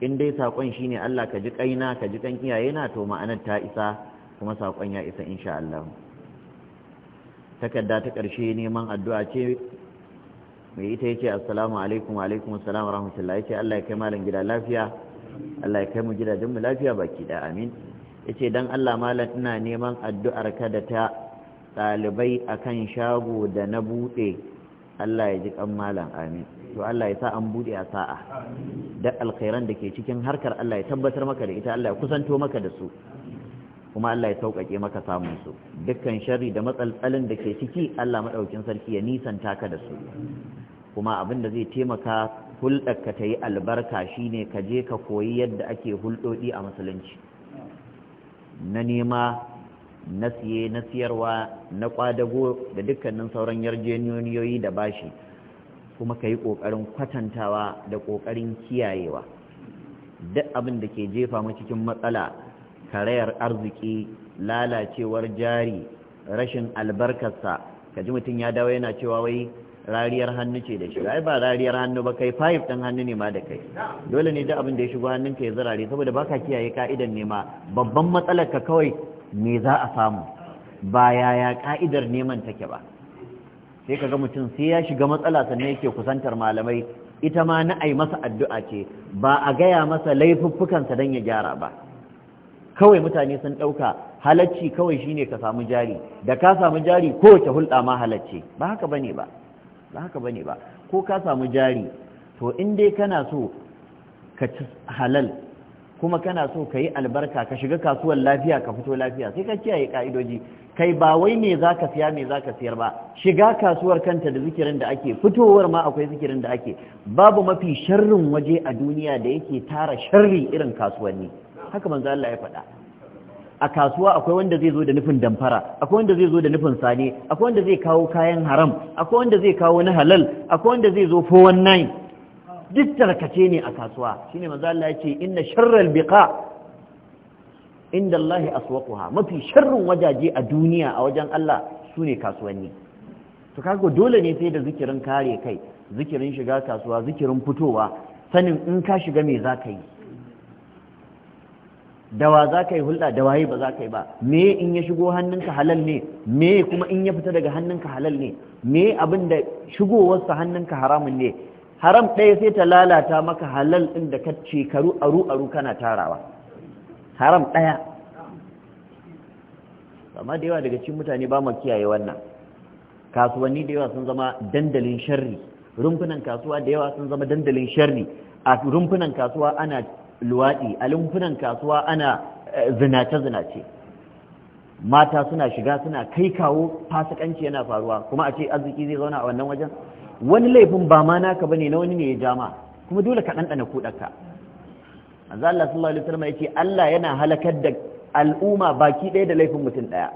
in dai sakon ne Allah ka ji kaina ka ji ƙanƙiya yana to ma'anar ta isa kuma sakon ya isa insha Allah takarda ta ƙarshe neman addu'a ce mai ita yake assalamu alaikum wa alaikum assalamu rahmatullahi yake Allah ya kai malam gida lafiya Allah ya kai mu gidajen mu lafiya baki da amin yace dan Allah malam ina neman addu'ar ka da ta ɗalibai akan shago da na buɗe Allah ya ji kan malam amin to Allah ya sa an bude a sa'a da alkhairan da ke cikin harkar Allah ya tabbatar maka da ita Allah ya kusanto maka da su kuma Allah ya sauƙaƙe maka samun su dukkan sharri da matsaltsalin da ke ciki Allah madaukin sarki ya nisanta ka da su kuma abin da zai taimaka ka ta yi albarka shine ka je ka koyi yadda ake hulɗoɗi a musulunci na nema na siye na siyarwa na kwadago da dukkanin sauran yarjejeniyoyi da bashi kuma ka yi ƙoƙarin kwatantawa da ƙoƙarin kiyayewa duk abin da ke jefa mu cikin matsala karayar arziki lalacewar jari rashin albarkarsa ka ji mutum ya dawo yana cewa wai rariyar hannu ce da shi ai ba rariyar hannu ba kai fayif ɗin hannu ne ma da kai dole ne duk abin da ya shigo ka ya zirare saboda baka kiyaye ka'idar nema babban matsalar ka kawai me za a samu ba yaya ka'idar neman take ba sai kaga mutum sai ya shiga matsala sannan yake kusantar malamai ita ma na ai masa addu'a ce ba a gaya masa laifuffukansa don ya gyara ba kawai mutane sun ɗauka halacci kawai shine ka samu jari da ka samu jari kowace hulɗa ma halacce ba haka bane ba ba haka bane ba ko ka samu jari to in dai kana so ka ci halal kuma kana so ka yi albarka ka shiga kasuwar lafiya ka fito lafiya sai ka kiyaye ka'idoji kai ba wai me za ka siya me za ka siyar ba shiga kasuwar kanta da zikirin da ake fitowar ma akwai zikirin da ake babu mafi sharrin waje a duniya da yake tara sharri irin kasuwanni haka manzo Allah ya faɗa a kasuwa akwai wanda zai zo da nufin damfara akwai wanda zai zo da nufin sane akwai wanda zai kawo kayan haram akwai wanda zai kawo na halal akwai wanda zai zo 419 duk tarkace ne a kasuwa shine manzo Allah ya ce inna sharral biqa inda Allahi ha mafi sharrin wajaje a duniya a wajen Allah su ne kasuwanni to kaga dole ne sai da zikirin kare kai zikirin shiga kasuwa zikirin fitowa sanin in ka shiga me za ka yi dawa za ka yi hulɗa da waye ba za ka yi ba me in ya shigo hannunka halal ne me kuma in ya fita daga hannunka halal ne me abin da shigowarsa hannunka haramun ne haram ɗaya sai ta lalata maka halal ɗin da ka shekaru aru aru kana tarawa haram ɗaya amma da yawa daga cikin mutane ba mu kiyaye wannan kasuwanni da yawa sun zama dandalin sharri rumfunan kasuwa da yawa sun zama dandalin sharri a rumfunan kasuwa ana luwaɗi a rumfunan kasuwa ana eh, zinace-zinace mata suna shiga suna kai kawo fasikanci yana faruwa kuma a ce arziki zai zauna a wannan wajen wani laifin ba ma naka bane na wani ne ya jama kuma dole ka ɗanɗana kuɗanka manzo Allah sallallahu alaihi wasallam Allah yana halakar da al'umma baki ɗaya da laifin mutum ɗaya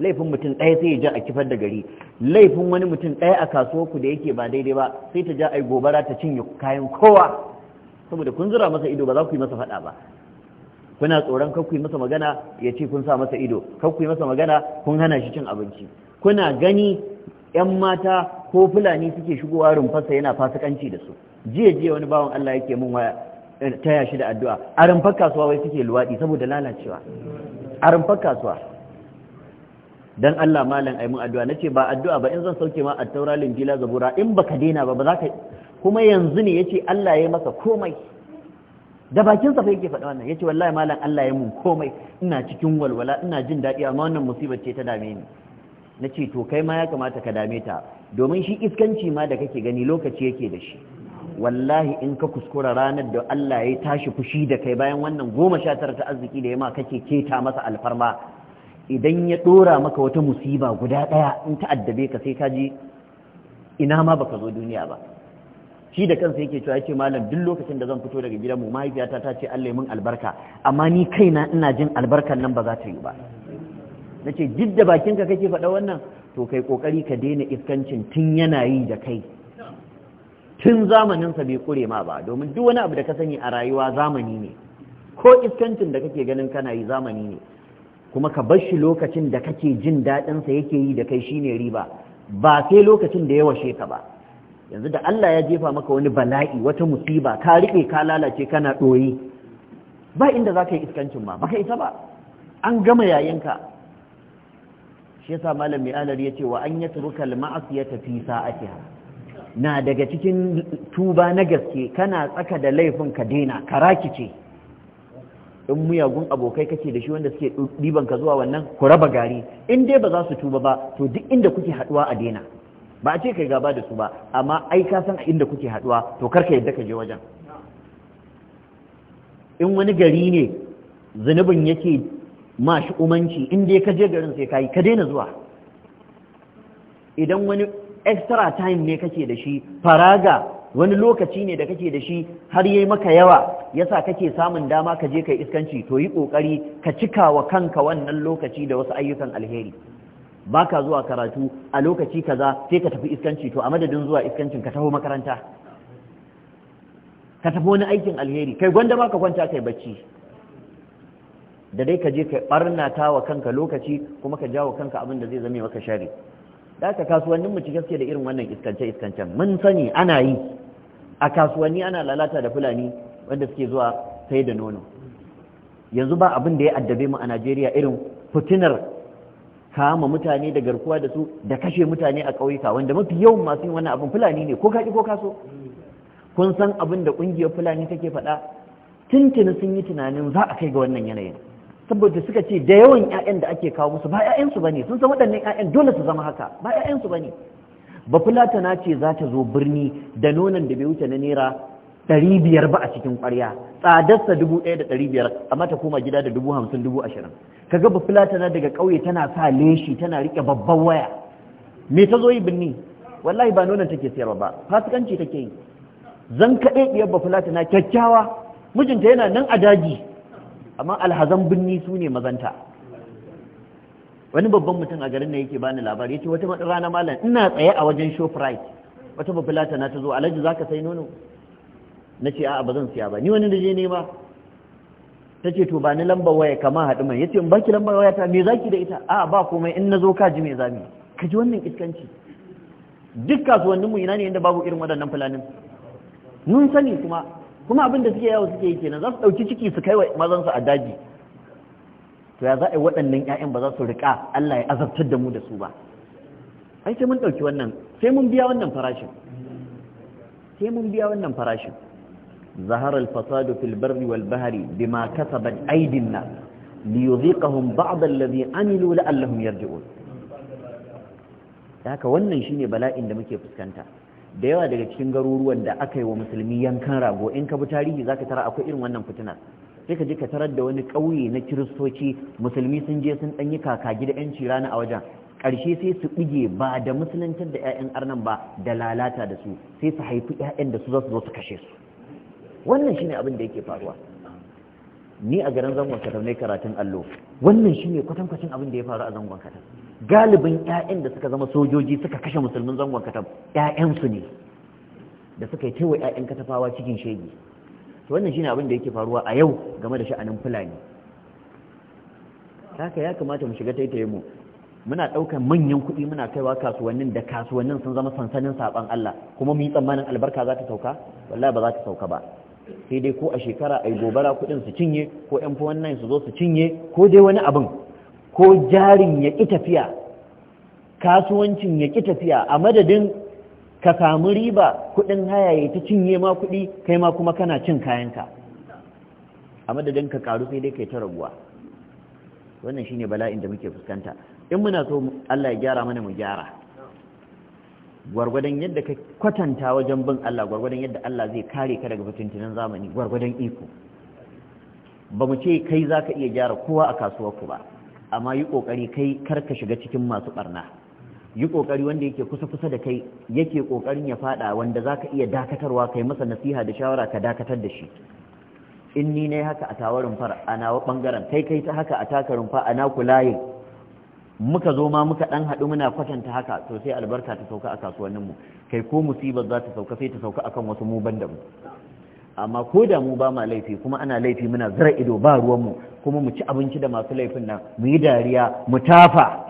laifin mutum ɗaya sai ya ja a kifar da gari laifin wani mutum ɗaya a kasuwar ku da yake ba daidai ba sai ta ja ai gobara ta cinye kayan kowa saboda kun zura masa ido ba za ku yi masa faɗa ba kuna tsoron kar ku yi masa magana ya ce kun sa masa ido kar ku yi masa magana kun hana shi cin abinci kuna gani yan mata ko fulani suke shigowa rumfarsa yana fasikanci da su jiya jiya wani bawan Allah yake mun waya Eh, taya shi da addu'a a rumfar kasuwa wai suke luwaɗi saboda lalacewa a rumfar kasuwa don Allah malam aimin addu'a na ce ba addu'a ba in zan sauke ma a taura linjila zabura in ba ka dena ba ba za ka kuma yanzu ne ya ce Allah ya masa komai da bakinsa fa yake faɗa wannan ya ce wallahi malam Allah ya mun komai ina cikin walwala ina jin daɗi amma wannan musibar ce ta dame ni na ce to kai ma ya kamata ka dame ta domin shi iskanci ma da kake gani lokaci yake da shi wallahi in ka kuskura ranar da Allah ya tashi fushi da kai bayan wannan goma sha tara ta arziki da ya ma kake keta masa alfarma idan ya dora maka wata musiba guda ɗaya, in ta addabe ka sai ka ji ina ma baka zo duniya ba shi da kansa yake cewa yake malam duk lokacin da zan fito daga gidan mu mahaifiyata ta ce Allah ya min albarka amma ni kaina ina jin albarkan nan ba za ta yi ba nace duk da bakinka kake faɗa wannan to kai kokari ka daina iskancin tun yana yi da kai tun zamaninsa bai kure ma ba domin duk wani abu da ka sani a rayuwa zamani ne ko iskancin da kake ganin kana yi zamani ne kuma ka bar shi lokacin da kake jin daɗinsa yake yi da kai shine riba ba sai lokacin da ya washe ka ba yanzu da Allah ya jefa maka wani bala'i wata musiba ka riƙe ka lalace kana ɗoyi ba inda za ka yi iskancin ma baka isa ba an gama yayinka shi yasa malam mai alar ya ce wa an ya turuka maasiyata fi sa'atiha na daga cikin tuba na gaske kana tsaka da laifin ka daina ka rakice in muyagun abokai kake da shi wanda suke ɗiban ka zuwa wannan ku raba gari in dai ba za su tuba ba to duk inda kuke haɗuwa a daina ba a ce kai gaba da su ba amma ai ka san inda kuke haɗuwa to kar ka yadda ka je wajen in wani gari ne zunubin yake mashi umanci in dai ka je garin sai ka yi ka daina zuwa idan wani extra time ne kake da shi faraga wani lokaci ne da kake da shi har yayi maka yawa yasa kake samun dama ka je kai iskanci to yi kokari ka cika wa kanka wannan lokaci da wasu ayyukan alheri baka zuwa karatu a lokaci kaza sai ka tafi iskanci to a madadin zuwa iskancin ka taho makaranta ka tafi wani aikin alheri kai gwanda ma ka kwanta kai bacci da dai ka je ka barnata wa kanka lokaci kuma ka jawo kanka abin da zai zame maka shari da aka kasuwannin mu cike suke da irin wannan iskance iskancen mun sani ana yi a kasuwanni ana lalata da fulani wanda suke zuwa sai da nono yanzu ba abin da ya addabe mu a Najeriya irin fitinar kama mutane da garkuwa da su da kashe mutane a ƙauyuka wanda mafi yawan masu yin wannan abin fulani ne ko kaƙi ko kaso kun san abin da ƙungiyar fulani take faɗa tuntuni sun yi tunanin za a kai ga wannan yanayin saboda suka ce da yawan 'ya'yan da ake kawo musu ba 'ya'yansu ba ne sun san waɗannan 'ya'yan dole su zama haka ba 'ya'yansu ba ne ba na ce za ta zo birni da nonon da bai wuce na naira ɗari biyar ba a cikin ƙwarya tsadarsa dubu ɗaya da ɗari biyar amma ta koma gida da dubu hamsin dubu ashirin ka ga ba daga ƙauye tana sa leshi tana riƙe babban waya me ta zo yi birni wallahi ba nonon take sayarwa ba fasikanci take yi zan kaɗe ɗiyar ba fulatana kyakkyawa mijinta yana nan a daji amma alhazan binni su ne mazanta wani babban mutum a garin da yake bani labari ce wata rana malam ina tsaye a wajen shoprite wata ta na ta zo alhaji ka sai nono na ce a'a ba zan siya ba ni wani da je ne ba ta ce to ba ni lambar waya kama haɗu mai yace ba ki lambar waya ta me ki da ita a'a ba komai in na zo ka ji me zami ka ji wannan iskanci duk kasuwanninmu ina ne inda babu irin waɗannan fulanin mun sani kuma kuma abin da suke yawo suke yi kenan za su ɗauki ciki su kai wa mazansu a daji to ya za a yi waɗannan 'ya'yan ba za su riƙa Allah ya azabtar da mu da su ba ai sai mun ɗauki wannan sai mun biya wannan farashin sai mun biya wannan farashin zahara al-fasadu fil barri wal bahri bima kasabat aydin nas liyuziqahum ba'd alladhi amilu la'allahum yarji'un haka wannan shine bala'in da muke fuskanta da yawa daga cikin garuruwan da aka yi wa musulmi yankan rago in ka bi tarihi za ka tara akwai irin wannan fitina sai ka je ka tarar da wani ƙauye na kiristoci musulmi sun je sun ɗanyi kakagi da 'yanci rana a wajen ƙarshe sai su ɓige ba da musulunci da 'ya'yan arnan ba da lalata da su sai su haifi 'ya'yan da su za su zo su kashe su wannan shine abin da yake faruwa ni a garin zangon katam ne karatun allo wannan shine kwatankwacin abin da ya faru a zangon katam galibin 'ya'yan da suka zama sojoji suka kashe musulmin zangon katab 'ya'yansu ne da suka yi taiwa 'ya'yan katafawa cikin shege to wannan shine abin da yake faruwa a yau game da sha'anin fulani haka ya kamata mu shiga taitaye mu muna ɗaukar manyan kuɗi muna kaiwa kasuwannin da kasuwannin sun zama sansanin saɓan Allah kuma mu yi tsammanin albarka za ta sauka wallahi ba za ta sauka ba sai dai ko a shekara a yi gobara kuɗin su cinye ko 'yan fi wannan su zo su cinye ko dai wani abin ko jarin ya ƙi tafiya kasuwancin ya ƙi tafiya a madadin ka samu riba kuɗin haya ya ta cinye ma kuɗi kai ma kuma kana cin kayanka a madadin ka karu sai dai kai ta raguwa wannan shine bala'in da muke fuskanta in muna so Allah ya gyara mana mu gyara gwargwadon yadda ka kwatanta wajen bin Allah gwargwadon yadda Allah zai kare ka daga fitintunan zamani gwargwadon iko ba mu ce kai za ka iya gyara kowa a kasuwarku ba amma yi ƙoƙari kai karka shiga cikin masu ɓarna yi ƙoƙari wanda yake kusa kusa da kai yake ƙoƙarin ya faɗa wanda za ka iya dakatarwa kai masa nasiha da shawara ka dakatar da shi in ni ne haka a tawarin fara a nawa ɓangaren kai kai ta haka a takarin fa ana kulaye muka zo ma muka ɗan haɗu muna kwatanta haka to sai albarka ta sauka a kasuwanninmu kai ko musibar za ta sauka sai ta sauka akan wasu mu ban da mu amma ko da mu ba ma laifi kuma ana laifi muna zira ido ba mu, kuma mu ci abinci da masu laifin nan mu yi dariya mu tafa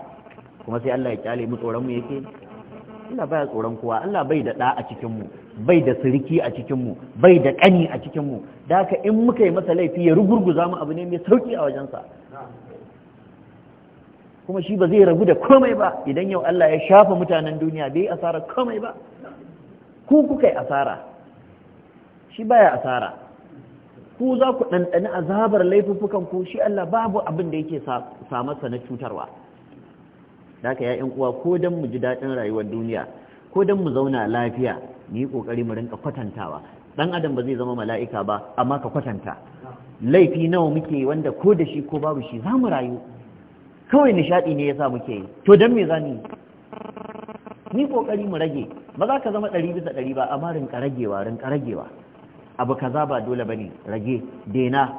kuma sai Allah ya kyale mu tsoron mu yake Allah baya tsoron kowa Allah bai da ɗa a cikin mu bai da siriki a cikin mu bai da ƙani a cikin mu da haka in muka yi masa laifi ya rugurguza mu abu ne mai sauki a wajensa kuma shi ba zai rabu da komai ba idan yau Allah ya shafa mutanen duniya bai asara komai ba ku kuka yi asara shi baya asara ku za ku ɗanɗani azabar laifuffukan ku shi Allah babu abin da yake samarsa na cutarwa da ka ya'yan uwa ko don mu ji daɗin rayuwar duniya ko don mu zauna lafiya ni yi ƙoƙari mu rinka kwatantawa ɗan adam ba zai zama mala'ika ba amma ka kwatanta laifi nawa muke wanda ko da shi ko babu shi za mu rayu kawai nishaɗi ne ya sa muke yi to don me za ni ni ƙoƙari mu rage ba za ka zama ɗari bisa ɗari ba amma rinka ragewa rinka ragewa abu kaza ba dole bane rage dena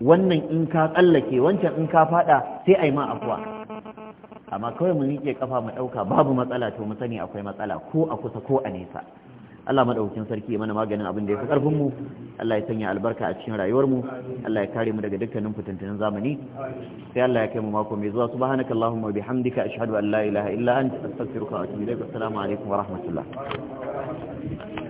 wannan in ka tsallake wancan in ka fada sai ai ma afwa amma kawai mu rike kafa mu dauka babu matsala to mu sani akwai matsala ko a kusa ko a nesa Allah madaukakin sarki ya mana maganin abin da ya fi karfin mu Allah ya sanya albarka a cikin rayuwar mu Allah ya kare mu daga dukkanin fitintunan zamani sai Allah ya kai mu mako mai zuwa subhanakallahumma wa bihamdika ashhadu an la ilaha illa anta astaghfiruka wa atubu ilaik assalamu alaikum wa rahmatullah